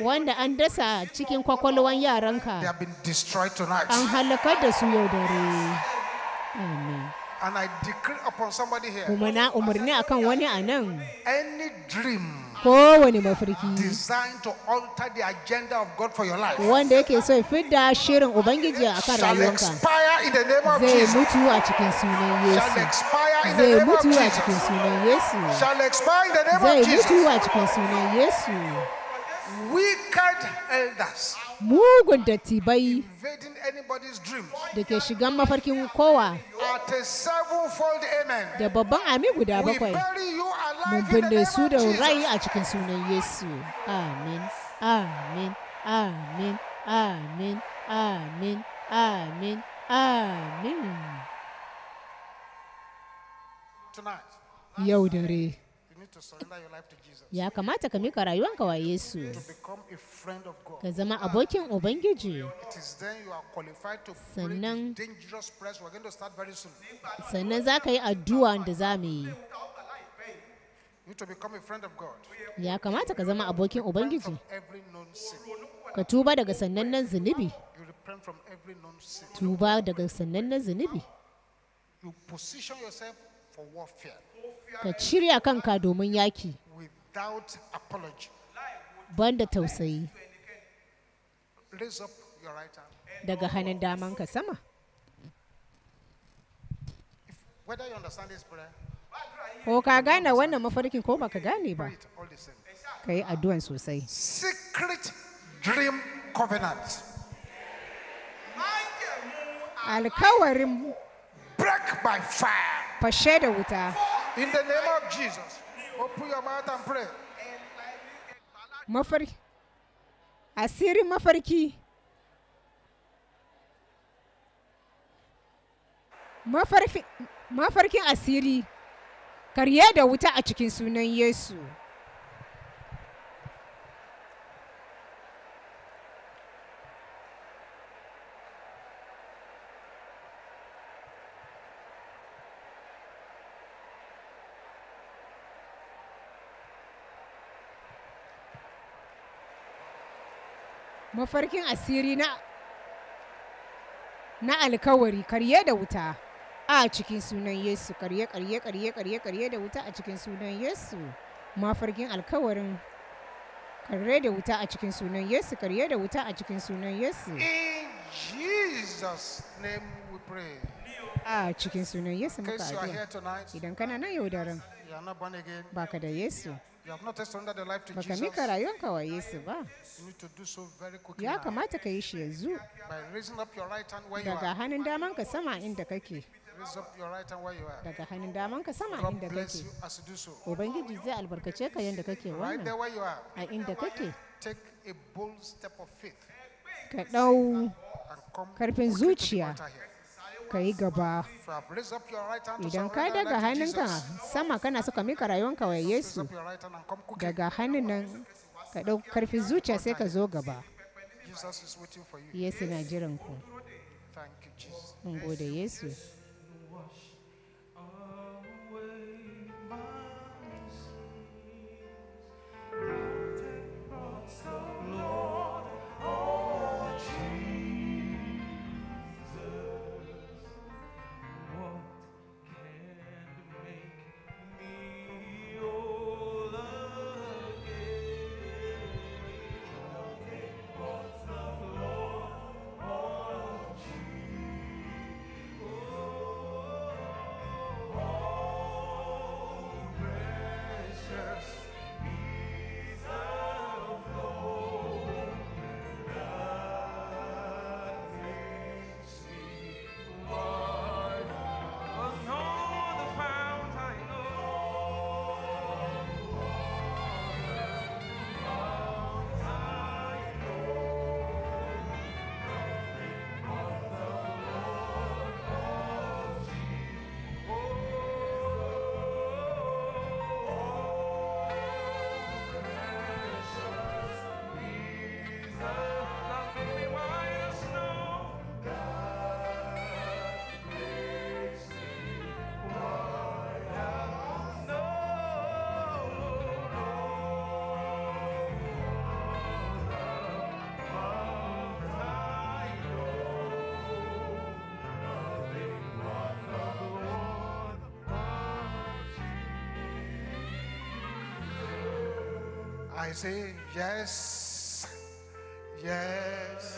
wanda an dasa cikin kwakwalwan yaranka an halakar da su yau dare kuma na umarni akan wani a nan any dream kowane mafarki designed to alter the agenda of God for your life wanda yake so ya fidda shirin ubangiji akan rayuwarka zai mutu a cikin sunan Yesu zai mutu a cikin sunan Yesu zai mutu a cikin sunan Yesu wicked elders mugun dattibai da ke shigan mafarkin kowa da babban ami guda bakwai mun binne su da rai a cikin sunan yesu amin amin amin amin amin amin amin yau dare ya kamata ka mika rayuwanka wa Yesu ka zama abokin Ubangiji sannan sannan za ka yi addu'a da za mu yi ya kamata ka zama abokin Ubangiji ka tuba daga sannan zunubi tuba daga sannan zunubi ka shirya kanka domin yaki without apology. banda tausayi daga hannun damanka sama ko ka gane wannan mafarkin ko baka gane ba ka yi addu'an sosai secret dream covenant alkawarin break by fire fashe da wuta in the name of jesus Open your mouth and pray. Mafari. Asirin mafarki. Mafarkin asiri. Karye da wuta a cikin sunan Yesu. mafarkin asiri na na alkawari karye da wuta a cikin sunan yesu karye karye karye karye karye da wuta a cikin sunan yesu mafarkin alkawarin karye da wuta a cikin sunan yesu karye da wuta a cikin sunan yesu in jesus name we pray a cikin sunan yesu muka addu'a idan kana nan yau ba ka da yesu Baka mika rayuwanka wa Yesu ba. Ya kamata ka yi shi yanzu. Daga hannun daman ka sama inda kake. Daga hannun daman ka sama inda kake. Ubangiji zai albarkace ka yadda kake wannan. A inda kake. Ka ɗau karfin zuciya ka yi gaba idan ka daga hannunka sama kana so ka mika rayuwanka wa yesu daga hannun nan ka ɗau karfi zuciya sai ka zo gaba yesu na jiran ku gode yesu I say, Yes, yes.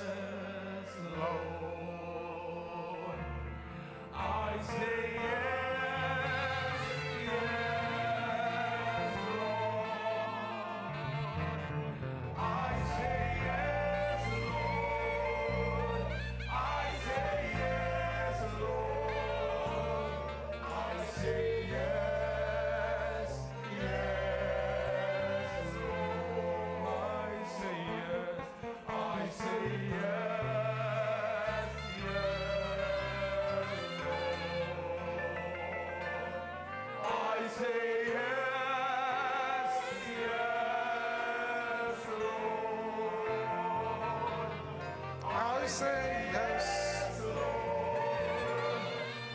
say yes, Lord.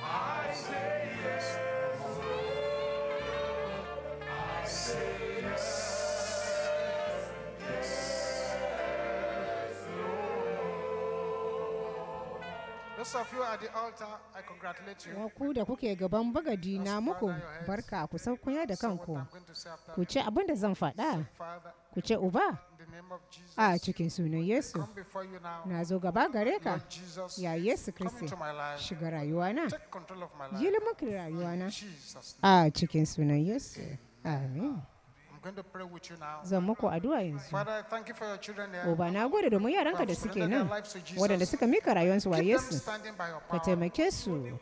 I say yes, Lord. I say yes, yes, Lord. Those of you at the altar, I congratulate you. Ku da kuke gaban bagadi na muku barka ku saukuya da kanku. Ku ce abin da zan faɗa. Ku ce uba. a cikin sunan Yesu na zo gaba gare ka ya Yesu Kristi shiga rayuwa na yi limakin rayuwa na a cikin sunan Yesu amin zan muku addu'a yanzu Oba na gode domin yaranka da suke nan waɗanda suka mika rayuwarsu wa Yesu ka taimake su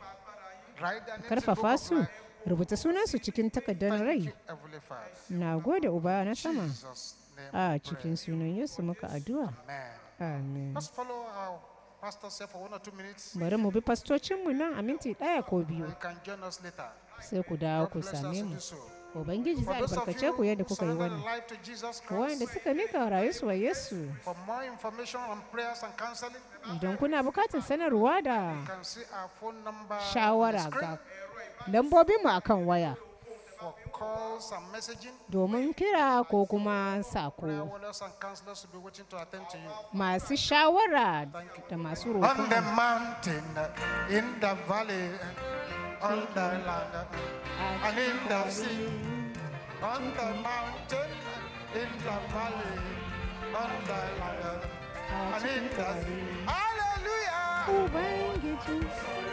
karfafa su rubuta sunansu cikin takardar rai na gode uba na sama a cikin sunan Yesu muka addu'a. Amen. Bari mu bi fastocinmu nan a minti ɗaya ko biyu. Sai ku dawo ku same mu. Ubangiji zai barkace ku yadda kuka yi wannan. Wanda suka mika rayu wa Yesu. Idan kuna bukatun sanarwa da shawara ga lambobinmu akan waya. for calls and messaging. Domin kira ko kuma sako. Masu shawara da masu roƙo. On the mountain, in the valley, on the land, and in the sea. On the mountain, in the valley, on the land, and in the sea. Hallelujah! Ubangiji.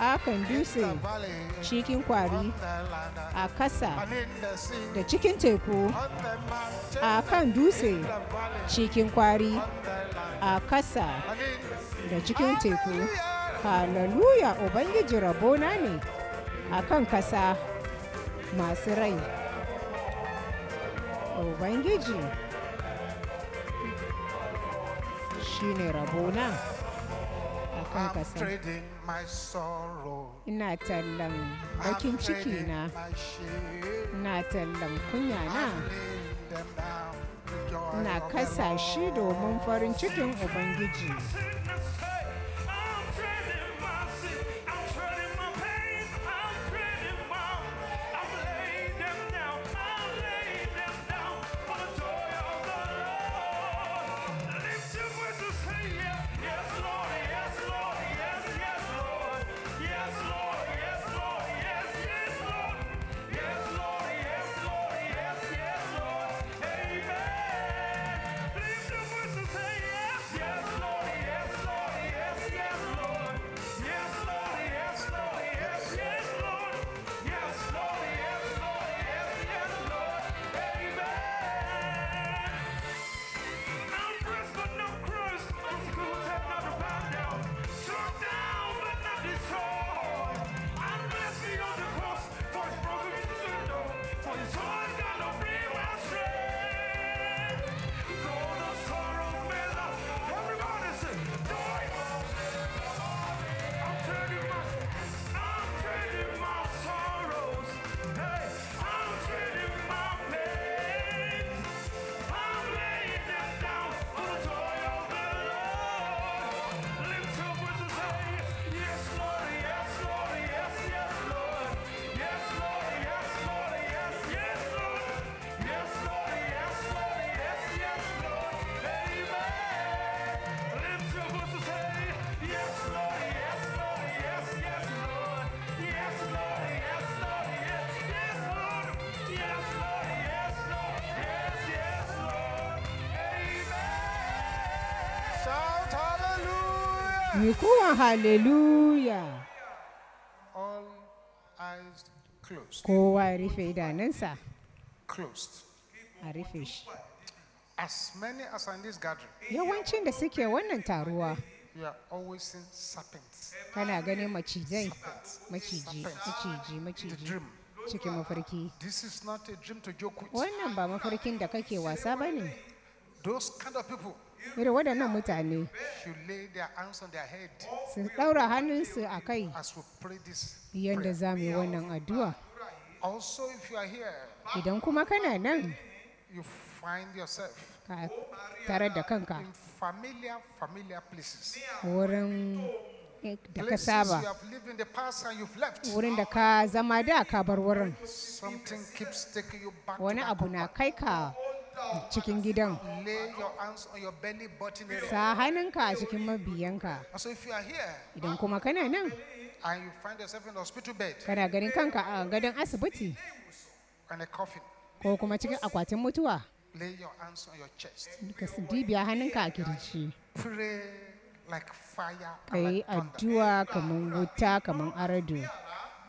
akan dutse cikin kwari a kasa da cikin teku a kan dutse cikin kwari a kasa da cikin teku hallelujah ubangiji rabona ne a kan kasa masu rai ubangiji shi ne rabona a kan kasa ina tallan bakin ciki na ina tallan kunya na ina kasashe domin farin cikin ubangiji mi haleluya. halleluya Kowa ya rufe idanunsa. A rufe shi. As Yawancin da suke wannan taruwa. Kana ganin macijai, Maciji, maciji, maciji. Cikin mafarki. Wannan ba mafarkin da kake wasa ba ne. Iri waɗannan mutane su ɗaura hannunsu a kai yadda za mu yi wannan addu'a idan kuma kana nan ka tare da kanka wurin da ka saba wurin da ka zama da ka bar wurin wani abu na kai ka cikin gidan sa hannunka a cikin mabiyanka idan kuma kana nan kana ganin kanka a gadon asibiti ko kuma cikin akwatin mutuwa ka dibiya hannunka a kirji ka yi addu'a kamar wuta kamar ardu.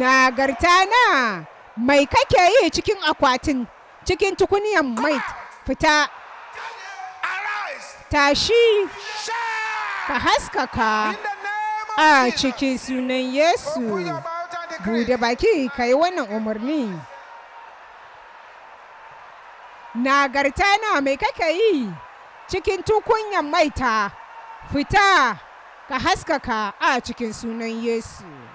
nagarta na mai kake yi cikin akwatin cikin tukuniyan mai fita tashi ka haskaka a cikin sunan yesu bude baki ka yi wannan umarni nagarta na mai kake yi cikin tukunyan maita fita ka haskaka a cikin sunan yesu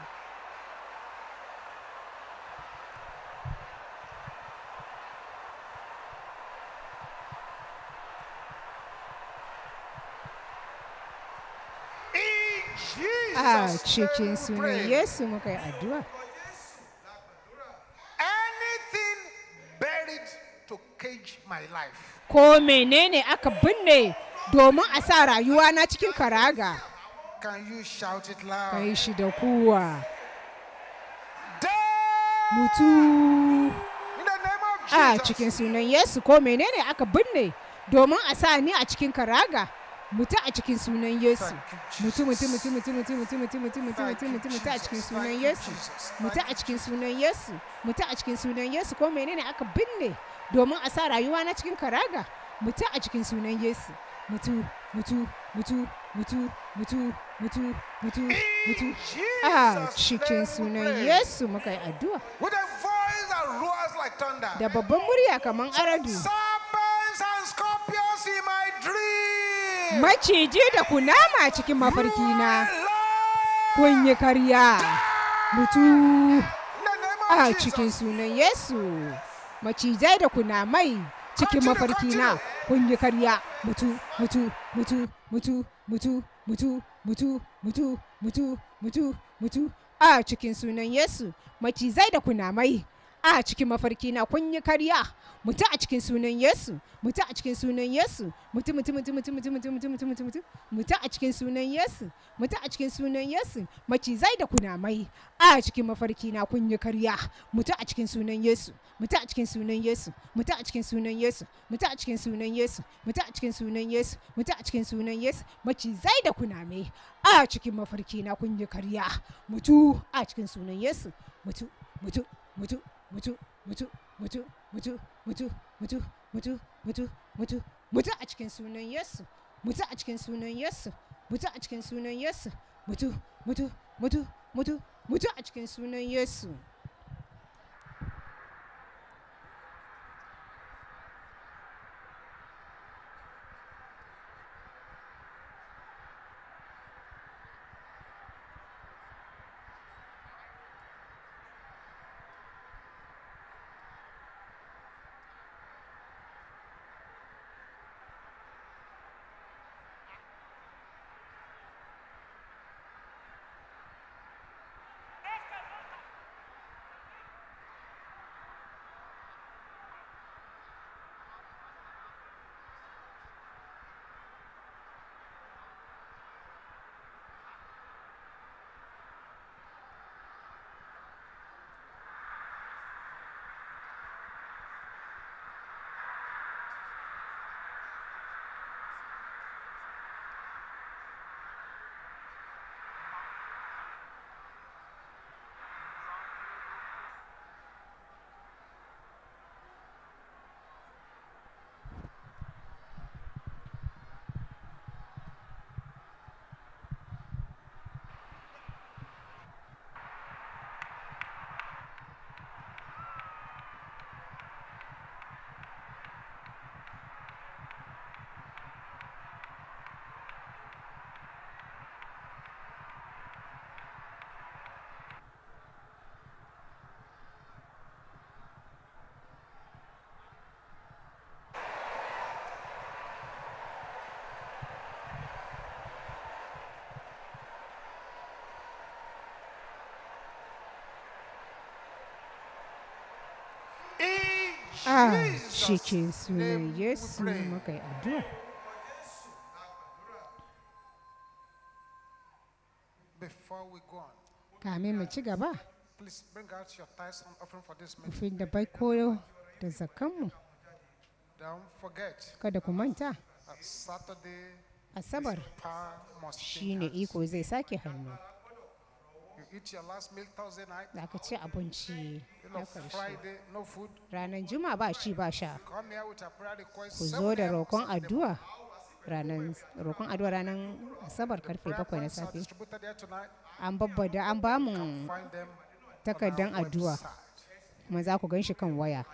a cikin sunan Yesu muka yi addu'a. Ko menene aka binne domin a sa rayuwa na cikin karaga. Kai shi da kuwa. Mutu a cikin sunan Yesu ko menene aka binne domin a sa ni a cikin karaga. mutu a cikin sunan Yesu mutu mutu mutu mutu mutu mutu mutu mutu mutu mutu mutu mutu a cikin sunan Yesu mutu a cikin sunan Yesu mutu a cikin sunan Yesu ko menene aka binne domin a sa rayuwa na cikin karaga mutu a cikin sunan Yesu mutu mutu mutu mutu mutu mutu mutu mutu a cikin sunan Yesu muka yi addu'a da babban murya kamar aradu serpents and scorpions in my dream maciji da kunama cikin mafarki na kun yi karya mutu a cikin sunan yesu macijai da kunamai cikin mafarki na kun yi karya mutu mutu mutu mutu mutu mutu mutu mutu mutu mutu mutu a cikin sunan yesu macizai da kunamai a cikin mafarki na kun yi karya mutu a cikin sunan Yesu mutu a cikin sunan Yesu mutu mutu mutu mutu mutu mutu mutu mutu mutu mutu mutu a cikin sunan Yesu mutu a cikin sunan Yesu macizai da kunamai a cikin mafarki na kun yi karya mutu a cikin sunan Yesu mutu a cikin sunan Yesu mutu a cikin sunan Yesu mutu a cikin sunan Yesu mutu a cikin sunan Yesu mutu a cikin sunan Yesu macizai da kunamai a cikin mafarki na kun yi karya mutu a cikin sunan Yesu mutu mutu mutu mutu mutu mutu mutu mutu mutu mutu mutu mutu mutu a cikin sunan Yesu mutu a cikin sunan Yesu mutu a cikin sunan Yesu mutu mutu mutu mutu mutu a cikin sunan Yesu a cikin yesu muka yi addu'a kamin mu ci gaba mufin da bai koyo da zakanmu kada ku manta asabar shine iko zai sake hannu da ka ci abinci na ƙarshe ranar juma ba shi ba sha ku zo da roƙon addu'a ranar roƙon addu'a ranar asabar karfe bakwai na safe an babbada an ba mu takardar addu'a kuma za ku gan shi kan waya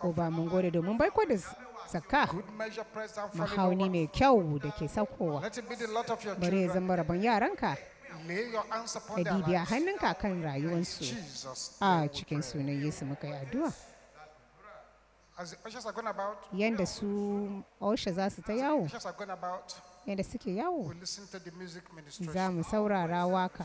ko ba mun gode domin baiko da saka mahauni mai kyau da ke saukowa bari ya zama rabon yaranka ka bibiya hannunka kan rayuwarsu a cikin sunan yesu muka yi addu'a yadda su osha za su ta yawo yadda suke yawo za mu saurara waka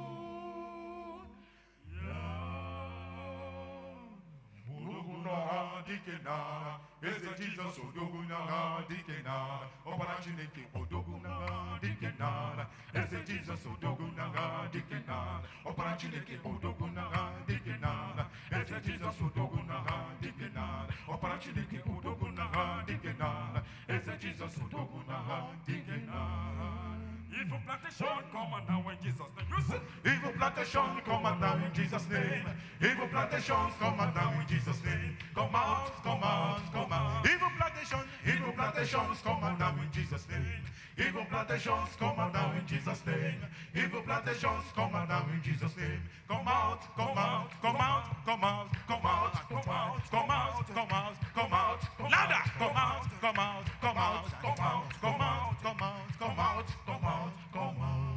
ogoguna dikena eze jizọs odoguna dikena ọkpara chineke odoguna dikena eze jizọs odoguna dikena ọkpara chineke odoguna dikena eze jizọs odoguna dikena ọkpara chineke odoguna dikena eze jizọs odoguna dikena evil plantation, come and now in Jesus' name. You say, evil plantation, come and now in Jesus' name. Evil plantations, come and now in Jesus' name. Come out, come out, come out. Evil plantation, eagle plantations, come on down in Jesus' name. Evil plantations, come on down in Jesus' name. Evil plantations, come on down in Jesus' name. Come out, come out, come out, come out, come out, come out, come out, come out, come out, louder, come out, come out, come out, come out, come out, come out, come out, come out, come out.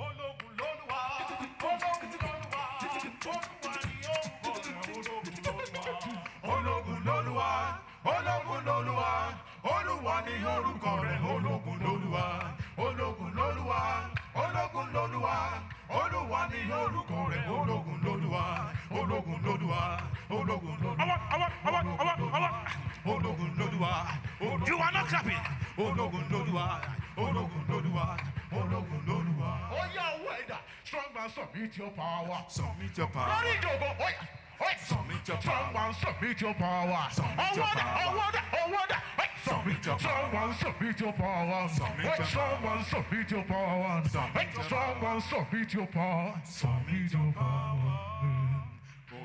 Ológun lóluwà, ológun lóluwà, ológun lóluwà. Ologun oluwa oluwa ni orúkọ rẹ̀ ológun lolúwa ológun lolúwa ológun lolúwa Ologun ni orúkọ submit your power. submit your power. Submit your power. Someone submit your power. Submit your power. I Submit your power. Someone submit your power. Submit Someone submit your power. Submit your power. Someone submit your power. Submit your power.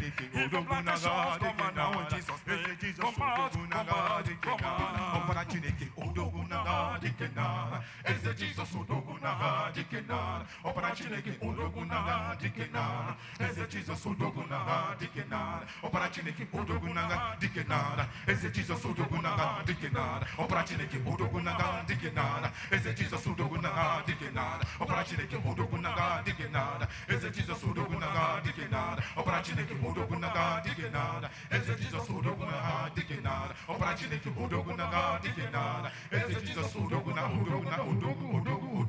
name. Oh, if the blood Jesus, come oh, Come come dikena eze jizọs odogwu na ha dikena ọbara chineke na ha dikena eze Jesus odogwu na ha dikena ọbara chineke na ha dikena eze jizọs odogwu na ha dikena ọbara chineke na ha dikena eze jizọs odogwu na ha dikena ọbara chineke na ha dikena eze Jesus odogwu na ha dikena ọbara chineke na ha dikena eze jizọs odogwu na ha dikena ọbara chineke na ha dikena eze jizọs odogwu odogwu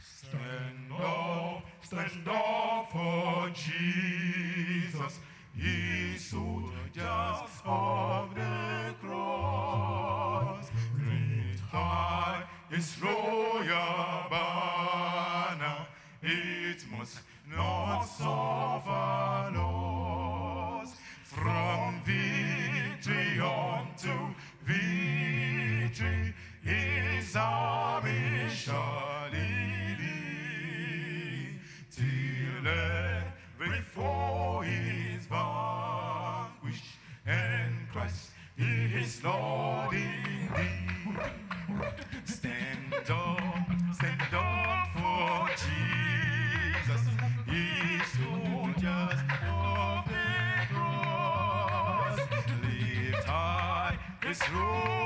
stand up stand up for Jesus ye soldiers of the cross lift high his royal banner it must not suffer loss from victory unto victory is our mission leading till every foe is vanquished and Christ is Lord indeed. Stand up, stand up for Jesus. this road.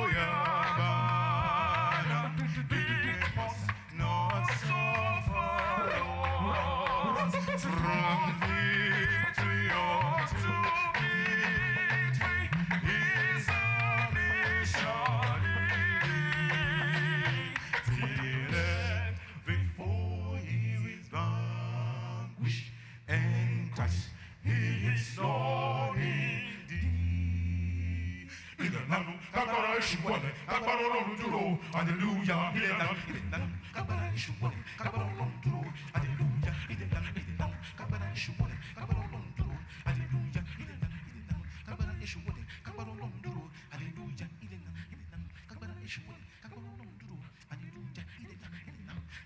agbára èṣù wọlẹ̀ ọlọ́run dúró hallelujah ìdènà ìdènà agbára èṣù wọlẹ̀ agbára ọlọ́run dúró hallelujah ìdènà ìdènà agbára èṣù wọlẹ̀ agbára ọlọ́run dúró hallelujah ìdènà ìdènà agbára èṣù wọlẹ̀ agbára ọlọ́run dúró hallelujah ìdènà ìdènà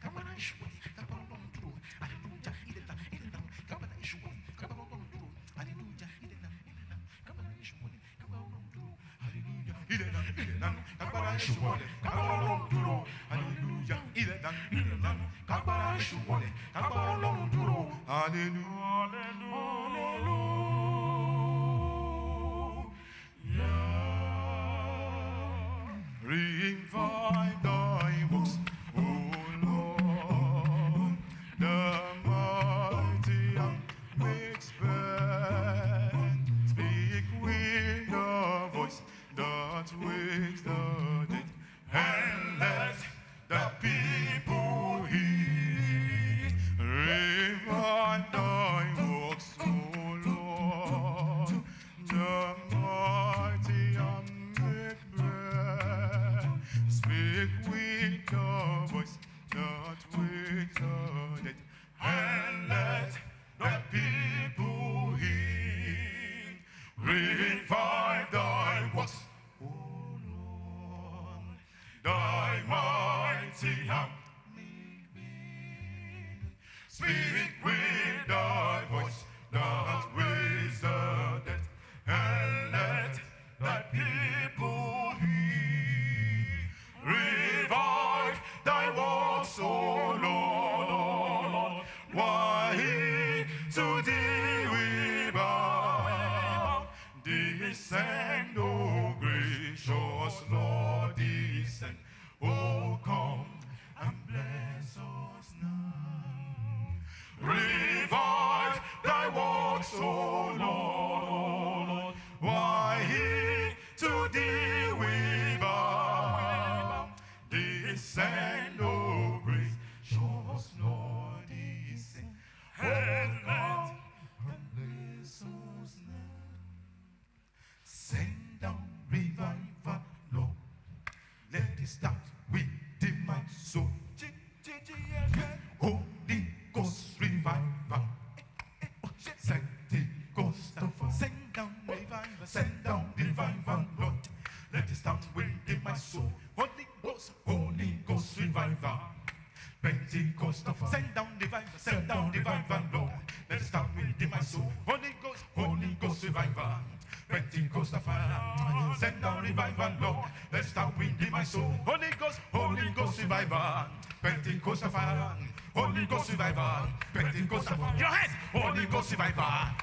agbára èṣù ọlọ́run dúró hallelujah ilẹ̀ dá ilẹ̀ dá kagbara ṣuwọlẹ̀ kagbara Ọlọ́run hallelujah. survivor. Holy Ghost survivor. Pentecost Your hands. Holy Ghost survivor.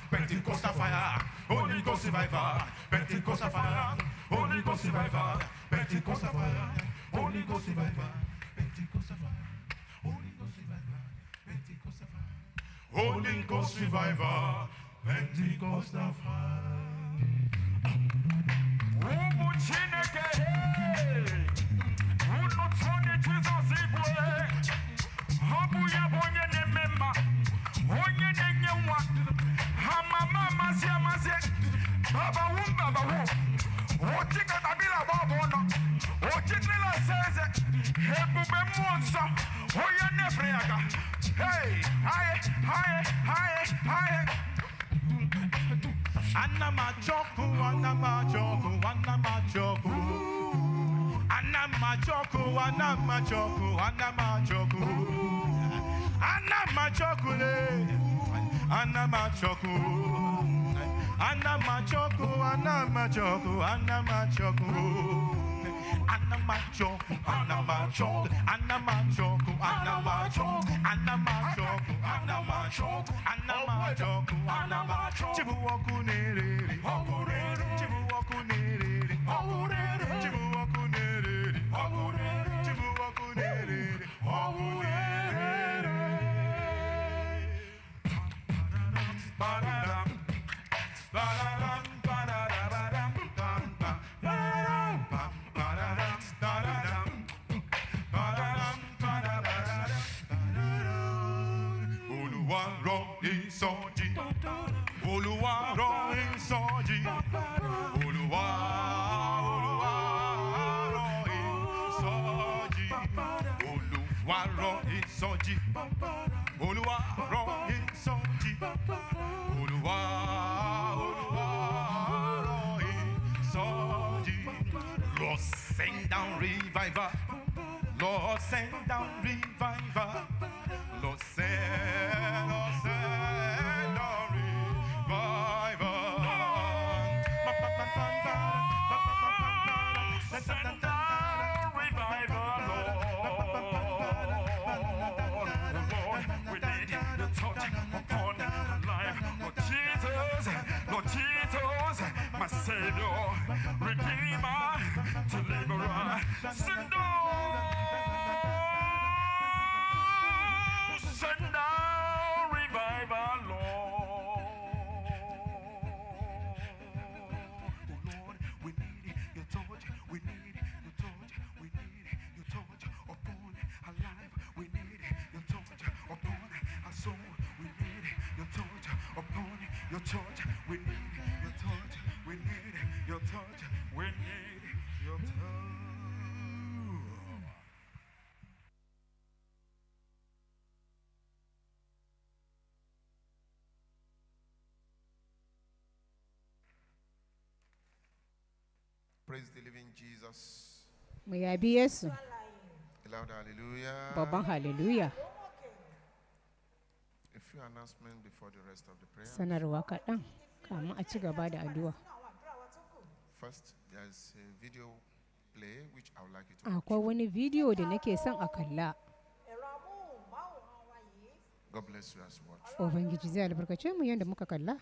Anamachoku, Anamachoku, Anamachoku. Anamachoku, Anamachoku, Anamachoku. Anamachoku, Anamachoku. Anamachoku, Anamachoku, Anamachoku. Anamachoku, Anamachoku, Anamachoku, Anamachoku, Anamachoku anamachoku anamachoku oh, anamachoku chibuoku nerere ọkụrụ send down revival. Lord, send, Lord send down revival. send down revival, Lord. Lord, we need touch upon Jesus. Lord Jesus, my Savior, Redeemer, Deliverer, send down. Praise the living Jesus. May I be yes. Loud hallelujah. Baba hallelujah. A few announcements before the rest of the prayer. Sanarwa kaɗan kamun a ci gaba da addu'a. First, there's a video play which I would like you to watch. Akwai wani video da nake son a kalla. God bless you as watch. Ubangiji zai albarkace mu yadda muka kalla.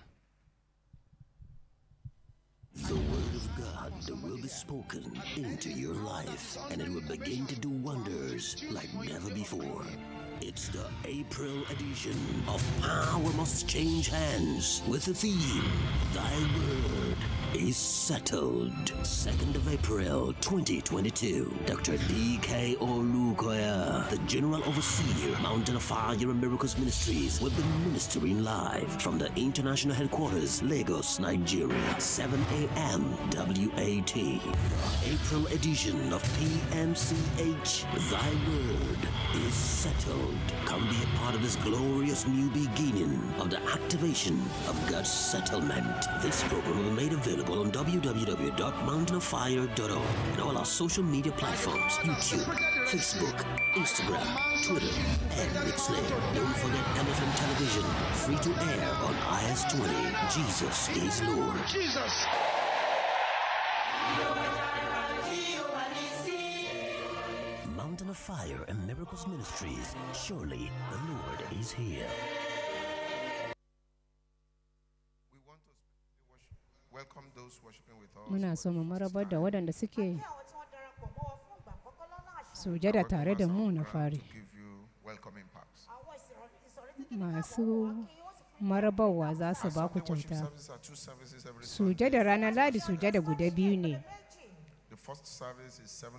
God will be spoken into your life, and it will begin to do wonders like never before. It's the April edition of Power Must Change Hands with the theme Thy Word is settled. 2nd of April 2022. Dr. D.K. Olukoya, the General Overseer, Mountain of Fire and Miracles Ministries, will be ministering live from the International Headquarters, Lagos, Nigeria, 7 a.m. WAT. April edition of PMCH, Thy Word is Settled. Come be a part of this glorious new beginning of the activation of God's settlement. This program will be made available available on www.mountainoffire.org and all our social media platforms YouTube, Facebook, Instagram, Twitter, and Mixlr. Don't forget Elephant Television, free to air on IS20. Jesus is Lord. Jesus. Mountain of Fire and Miracles Ministries. Surely the Lord is here. muna so mu marabar da waɗanda suke oh, sujada tare da mu na fari ah, masu oh, marabawa za su ba ku kyauta sujada ranar ladi sujada guda biyu ne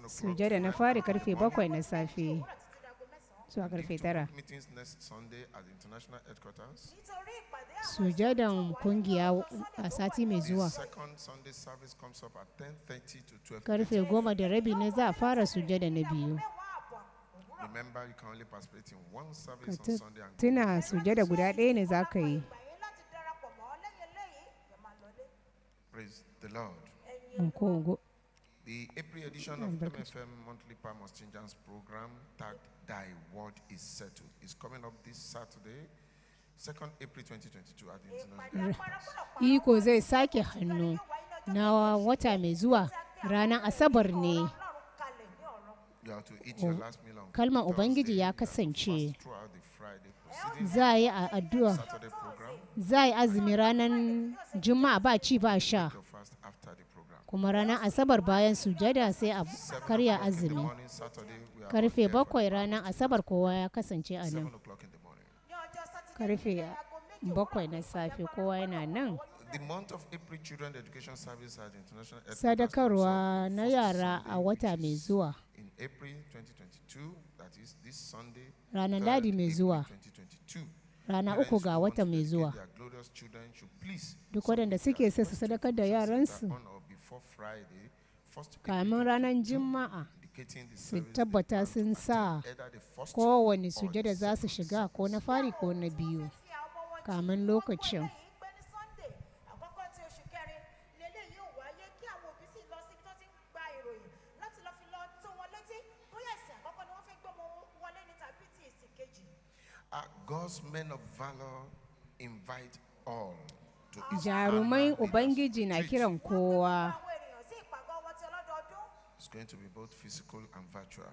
sujada na fari karfe bakwai na safe su a karfe tara. Sujadan kungiya a sati mai zuwa. Karfe goma da rabi ne za a fara sujada na biyu. Tuna sujada guda ɗaya ne za ka yi. the April edition of MFM Monthly Palm Exchange Program tagged thy word is settled. It's coming up this Saturday, 2nd April 2022 at the eh, Iko zai sake hannu na wata mai zuwa ranar Asabar ne. Kalmar Ubangiji ya kasance za a yi addu'a za a yi azumi ranar Juma'a ba ci ba sha. Kuma ranar Asabar bayan sujada sai a karya azumi. karfe bakwai ranar asabar kowa ya kasance a nan karfe bakwai na safe kowa yana nan sadakarwa na yara a wata mai zuwa ranar ladi mai zuwa rana uku ga wata mai zuwa duk waɗanda suke sai su sadakar da yaransu kamin ranar juma'a su tabbata sun sa kowane sujada za su shiga ko na fari ko na biyu kamin lokacin Jarumai Ubangiji na kiran kowa is going to be both physical and virtual.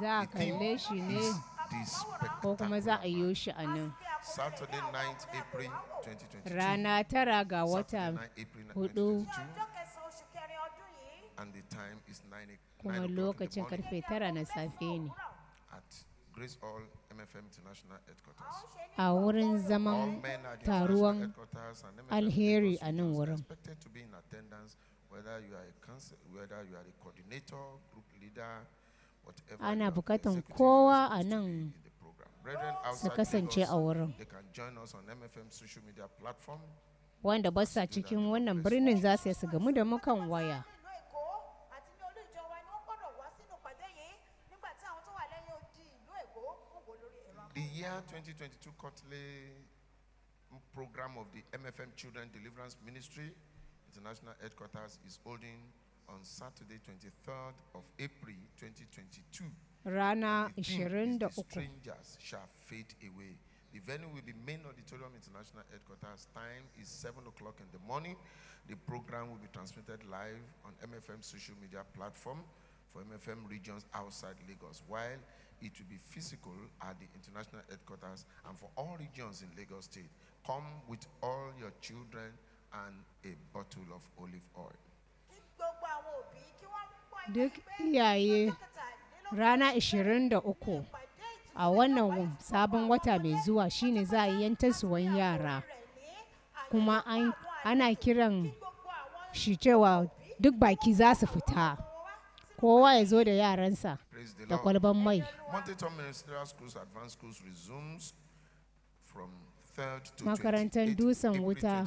Za a kalle shi ne ko kuma za a yi shi a nan. Rana tara ga wata hudu kuma lokacin karfe tara na safe ne. A wurin zaman taruwan alheri a nan wurin. whether you are a council, whether you are a coordinator, group leader, whatever. Ana bukatan kowa a nan su kasance a wurin. They can join us on MFM social media platform. Wanda ba sa cikin wannan birnin za su su gamu da mu kan waya. The year 2022 quarterly program of the MFM Children Deliverance Ministry International Headquarters is holding on Saturday 23rd of April 2022. Rana the Strangers shall fade away. The venue will be Main Auditorium International Headquarters. Time is 7 o'clock in the morning. The program will be transmitted live on MFM social media platform for MFM regions outside Lagos, while it will be physical at the International Headquarters and for all regions in Lagos State. Come with all your children and a bottle of olive oil. Duk iyaye rana 23 a wannan sabon wata mai zuwa shine za a yi yantarsuwan yara kuma ana kiran shi cewa duk baki za su fita kowa ya zo da yaransa da kwalban mai. Makarantar dusan wuta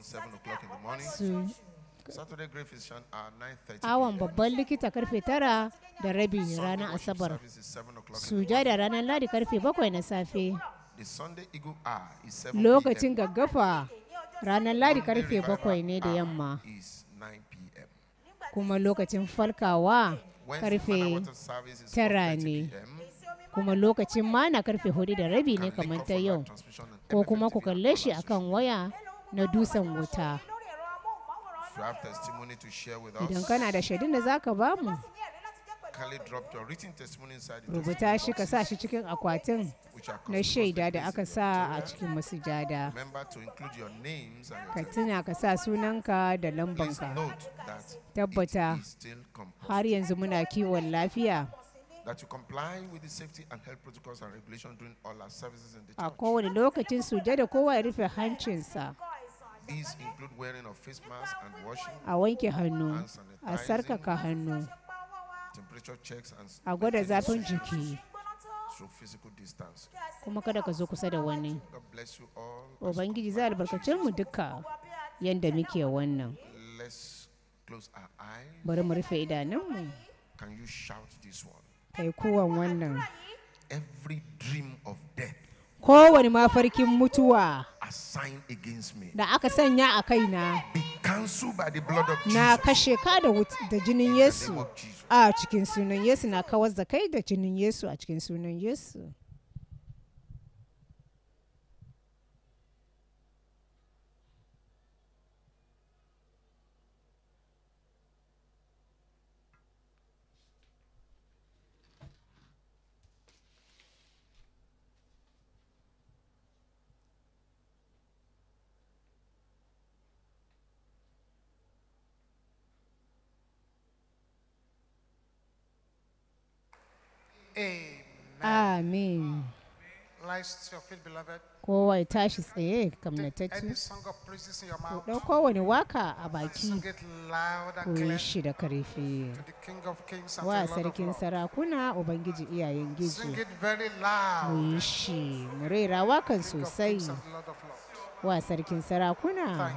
around 7 o'clock in the morning. So, Saturday Grief is at 9:30. Awon babban likita karfe tara da rabi ranar Asabar. Sujada ranar Ladi karfe bakwai na safe. Lokacin gaggafa ranar Ladi karfe bakwai ne da yamma. Kuma lokacin falkawa karfe tara ne. kuma lokacin mana karfe hudu da rabi ne kamar ta yau ko kuma ku kalle shi akan waya na dusan wuta idan kana da shaidun da za ka ba mu rubuta shi ka sa shi cikin akwatin na shaida da aka sa a cikin masujada ka tuna ka sa sunanka da lambanka tabbata har yanzu muna kiwon lafiya with A kowane lokacin sujada kowa ya rufe hancinsa. a wanke hannu a sarkaka hannu a gwada zafin jiki kuma kada ka zo kusa da wani ubangiji za albarkacin mu duka yadda muke wannan bari mu rufe idanunmu kai kowan wannan every dream of death kowane mafarkin mutuwa da aka sanya a kaina na kashe ka da jinin Yesu a cikin sunan Yesu na kawar da kai da jinin Yesu a cikin sunan Yesu. Amen. Kowai Kowa ya tashi tsaye kamnatacce. Ku ɗauko wani waka a baki ku yi shi da karfi. Wa sarkin sarakuna Ubangiji iyayen gizo. Mu yi shi, mu rera wakan sosai. Wa sarkin sarakuna,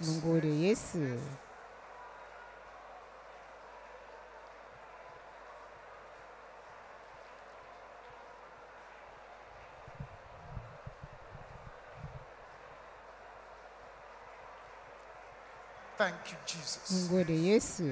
mun gode Yesu. Thank you, Jesus. Ngode Yesu.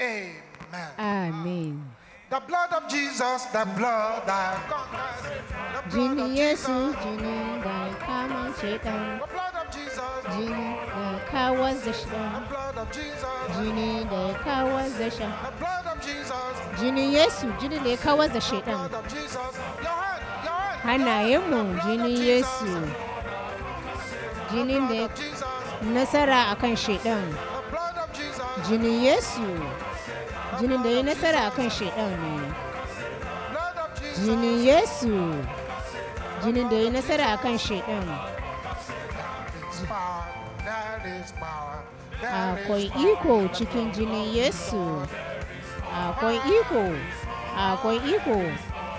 Amen. Amen. The blood of Jesus, the blood that conquers. Jini Yesu, Jini that common Satan. The blood of Jesus, Jini that covers the Satan. The blood of Jesus, Jini that covers the Satan. The blood of Jesus, Jini Yesu, Jini that covers the Satan. The blood of Jesus, mu jinin yesu jinin da nasara a kan shaidan jinin yesu jinin da ya nasara kan shaidan ne jinin yesu jinin da ya nasara a kan shaidan akwai iko cikin jinin yesu akwai iko akwai iko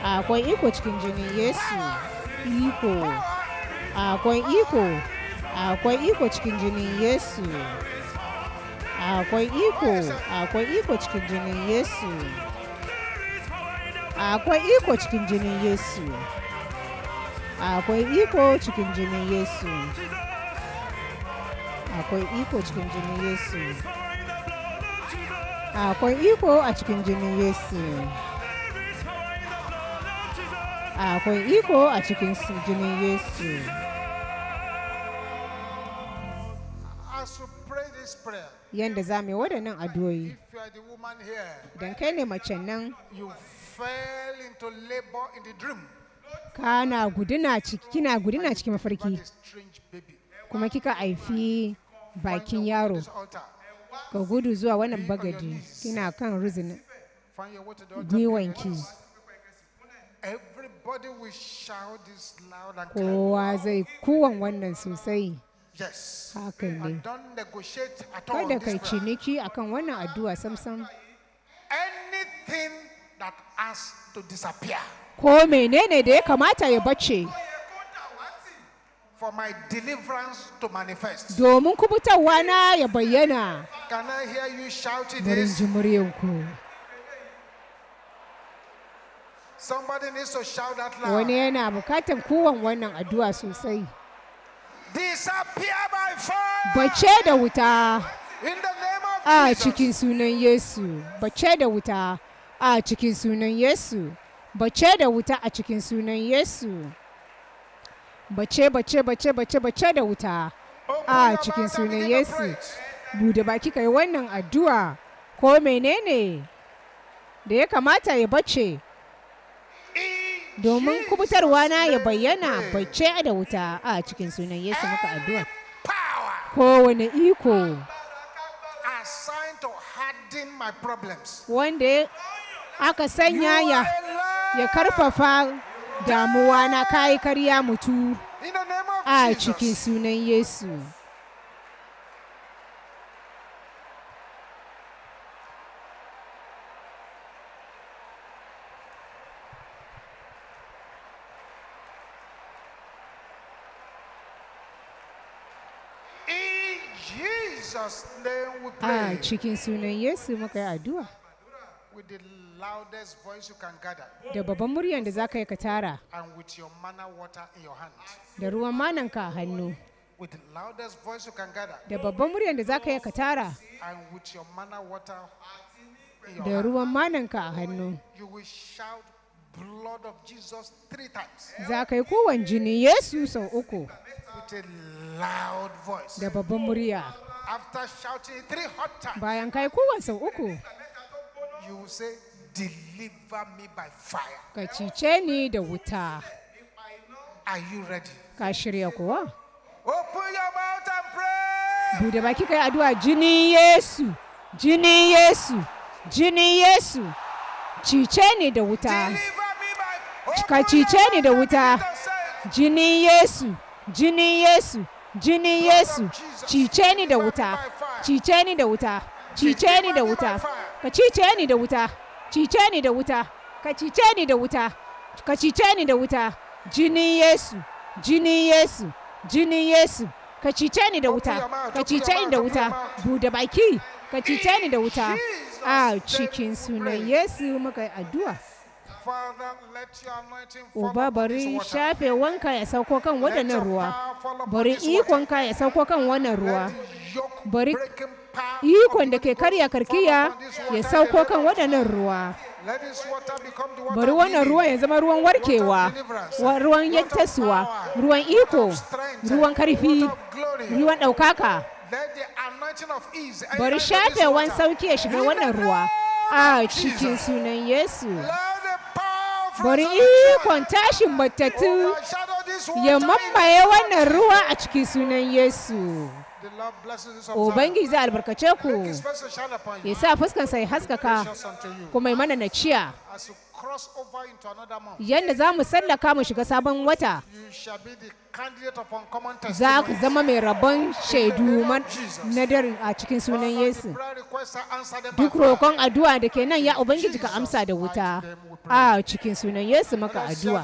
akwai iko cikin jini yesu iko akwai iko akwai iko cikin yesu akwai iko akwai iko cikin yesu akwai iko cikin yesu akwai iko cikin yesu akwai iko cikin yesu akwai iko a cikin yesu akwai iko a cikin jinin Yesu. Yanda za mu yi waɗannan addu'o'i. Don kai ne mace nan. Kana guduna kina guduna cikin mafarki. Kuma kika haifi bakin yaro. Ka gudu zuwa wannan bagadi kina kan ruzin giwanki. kowa zai kuwan wannan sosai haka ne kada kai ciniki akan wannan addu'a samsam ko menene da ya kamata ya bace for my deliverance to manifest. Domin kubutarwa na ya bayyana. Can I hear you shouting this? Somebody needs to shout that loud. Wani yana bukatan kowan wannan addu'a sosai. Disappear by fire. Bace da wuta. In the name of A cikin sunan Yesu. Bace da wuta. A cikin sunan Yesu. Bace da wuta a cikin sunan Yesu. Bace bace bace bace bace da wuta. A cikin sunan Yesu. Bude baki kai wannan addu'a ko menene da ya kamata ya bace. domin kubutarwa na ya bayyana ce da wuta a cikin sunan Yesu maka addu'a. Kowane iko wanda aka sanya ya ya karfafa damuwa na kayi karya mutu a cikin sunan Yesu. a ah, cikin sunan Yesu muka yi addu'a. Da babban muryan da za ka yi ka tara. Da ruwan mananka a hannu. Da babban muryan da za ka yi ka tara. Da ruwan mananka a hannu. Za ka yi kowan jini Yesu sau uku. Da babban murya. after shouting three hot times, bayan kai kowace sau uku you say, Deliver me by fire. Ka cice ni da wuta. Are you ready? Ka shirya kuwa? Open your mouth and pray. Bude baki kai addu'a jini Yesu, jini Yesu, jini Yesu. Cice ni da wuta. Ka cice ni da wuta. jini Yesu, jini Yesu, jinin yesu cice ni da wuta cice ni da wuta cice ni da wuta ka cice ni da wuta cice ni da wuta ka cice ni da wuta ka cice ni da wuta jinin yesu jinin yesu jinin yesu ka cice ni da wuta ka cice ni da wuta bude baki ka cice ni da wuta a cikin sunan yesu muka addu'a Uba bari shafe wanka ya sauko kan waɗannan ruwa, bari ikonka ya sauko kan wannan ruwa, bari ikon da ke karya karkiya ya sauko kan waɗannan ruwa. Bari wannan ruwan ya zama ruwan warkewa, ruwan yattasuwa, ruwan iko, ruwan karfi, ruwan ɗaukaka. Bari wan sauki ya shiga wannan ruwa. a cikin sunan Yesu. Bari ikon tashin matattu ya mamaye wannan ruwa a cikin sunan Yesu. Ubangiji zai albarkace ku ya sa fuskansa ya haskaka kuma mana na ciya. Yadda za mu sallaka mu shiga sabon wata. za ku zama mai rabon shaidu na dare a cikin sunan Yesu. Duk roƙon addu'a da ke nan ya Ubangiji ka amsa da wuta a cikin sunan Yesu maka addu'a.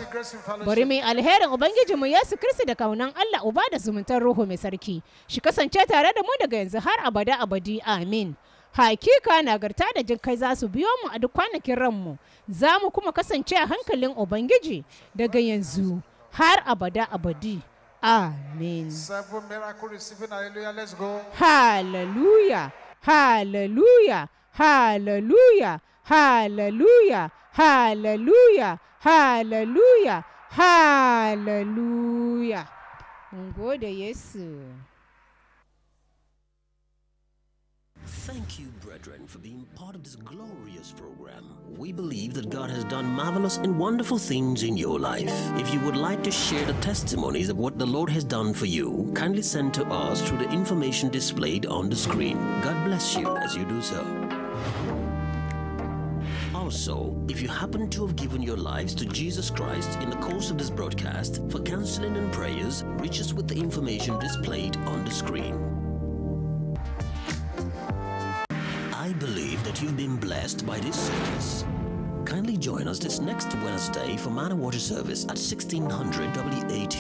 Bari mai alherin Ubangiji mu Yesu Kiristi da kaunan Allah Uba da zumuntar Ruhu mai sarki. Shi kasance tare da mu daga yanzu har abada abadi. Amin. hakika nagarta da jin kai za su biyo mu a duk kwanakin ranmu za mu kuma kasance a hankalin ubangiji daga yanzu har abada abadi amen seven miracle receiving hallelujah let's go hallelujah hallelujah hallelujah hallelujah hallelujah hallelujah hallelujah mun gode yesu Thank you, brethren, for being part of this glorious program. We believe that God has done marvelous and wonderful things in your life. If you would like to share the testimonies of what the Lord has done for you, kindly send to us through the information displayed on the screen. God bless you as you do so. Also, if you happen to have given your lives to Jesus Christ in the course of this broadcast, for counseling and prayers, reach us with the information displayed on the screen. believe that you've been blessed by this service. Kindly join us this next Wednesday for Man Water service at 1600 WAT.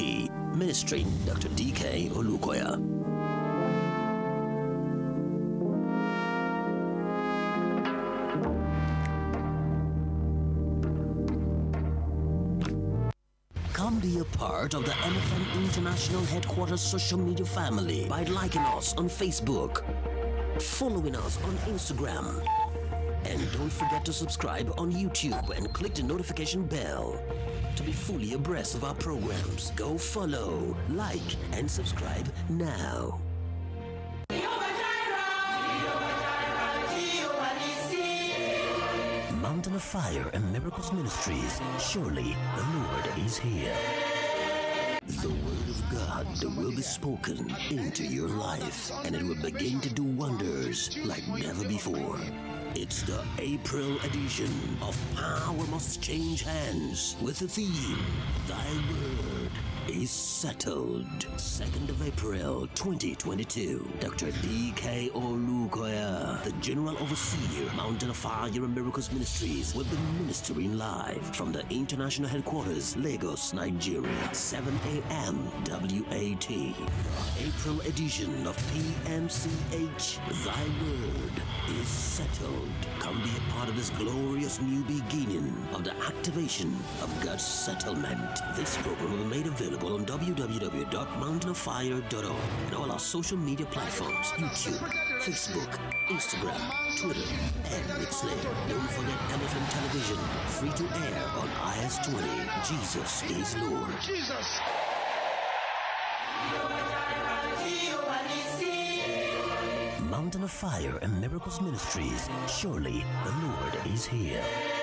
Ministry Dr. DK Olukoya. be a part of the MFM International Headquarters social media family by liking us on Facebook following us on Instagram. And don't forget to subscribe on YouTube and click the notification bell. To be fully abreast of our programs, go follow, like, and subscribe now. Mountain of Fire and Miracles Ministries. Surely the Lord is here. The God will be spoken into your life, and it will begin to do wonders like never before. It's the April edition of Power Must Change Hands with the theme Thy Word is settled. 2nd of April 2022. Dr. D.K. Olukoya, the General Overseer, Mountain of Fire and Miracles Ministries, will be ministering live from the International Headquarters, Lagos, Nigeria, 7 a.m. WAT. April edition of PMCH, Thy Word is Settled. Come be a part of this glorious new beginning of the activation of God's settlement. This program will be made available available on www.mountainoffire.org and all our social media platforms YouTube, Facebook, Instagram, Twitter, and Mixler. Don't forget Elephant Television, free to air on IS20. Jesus is Lord. Jesus! Mountain of Fire and Miracles Ministries. Surely the Lord is here.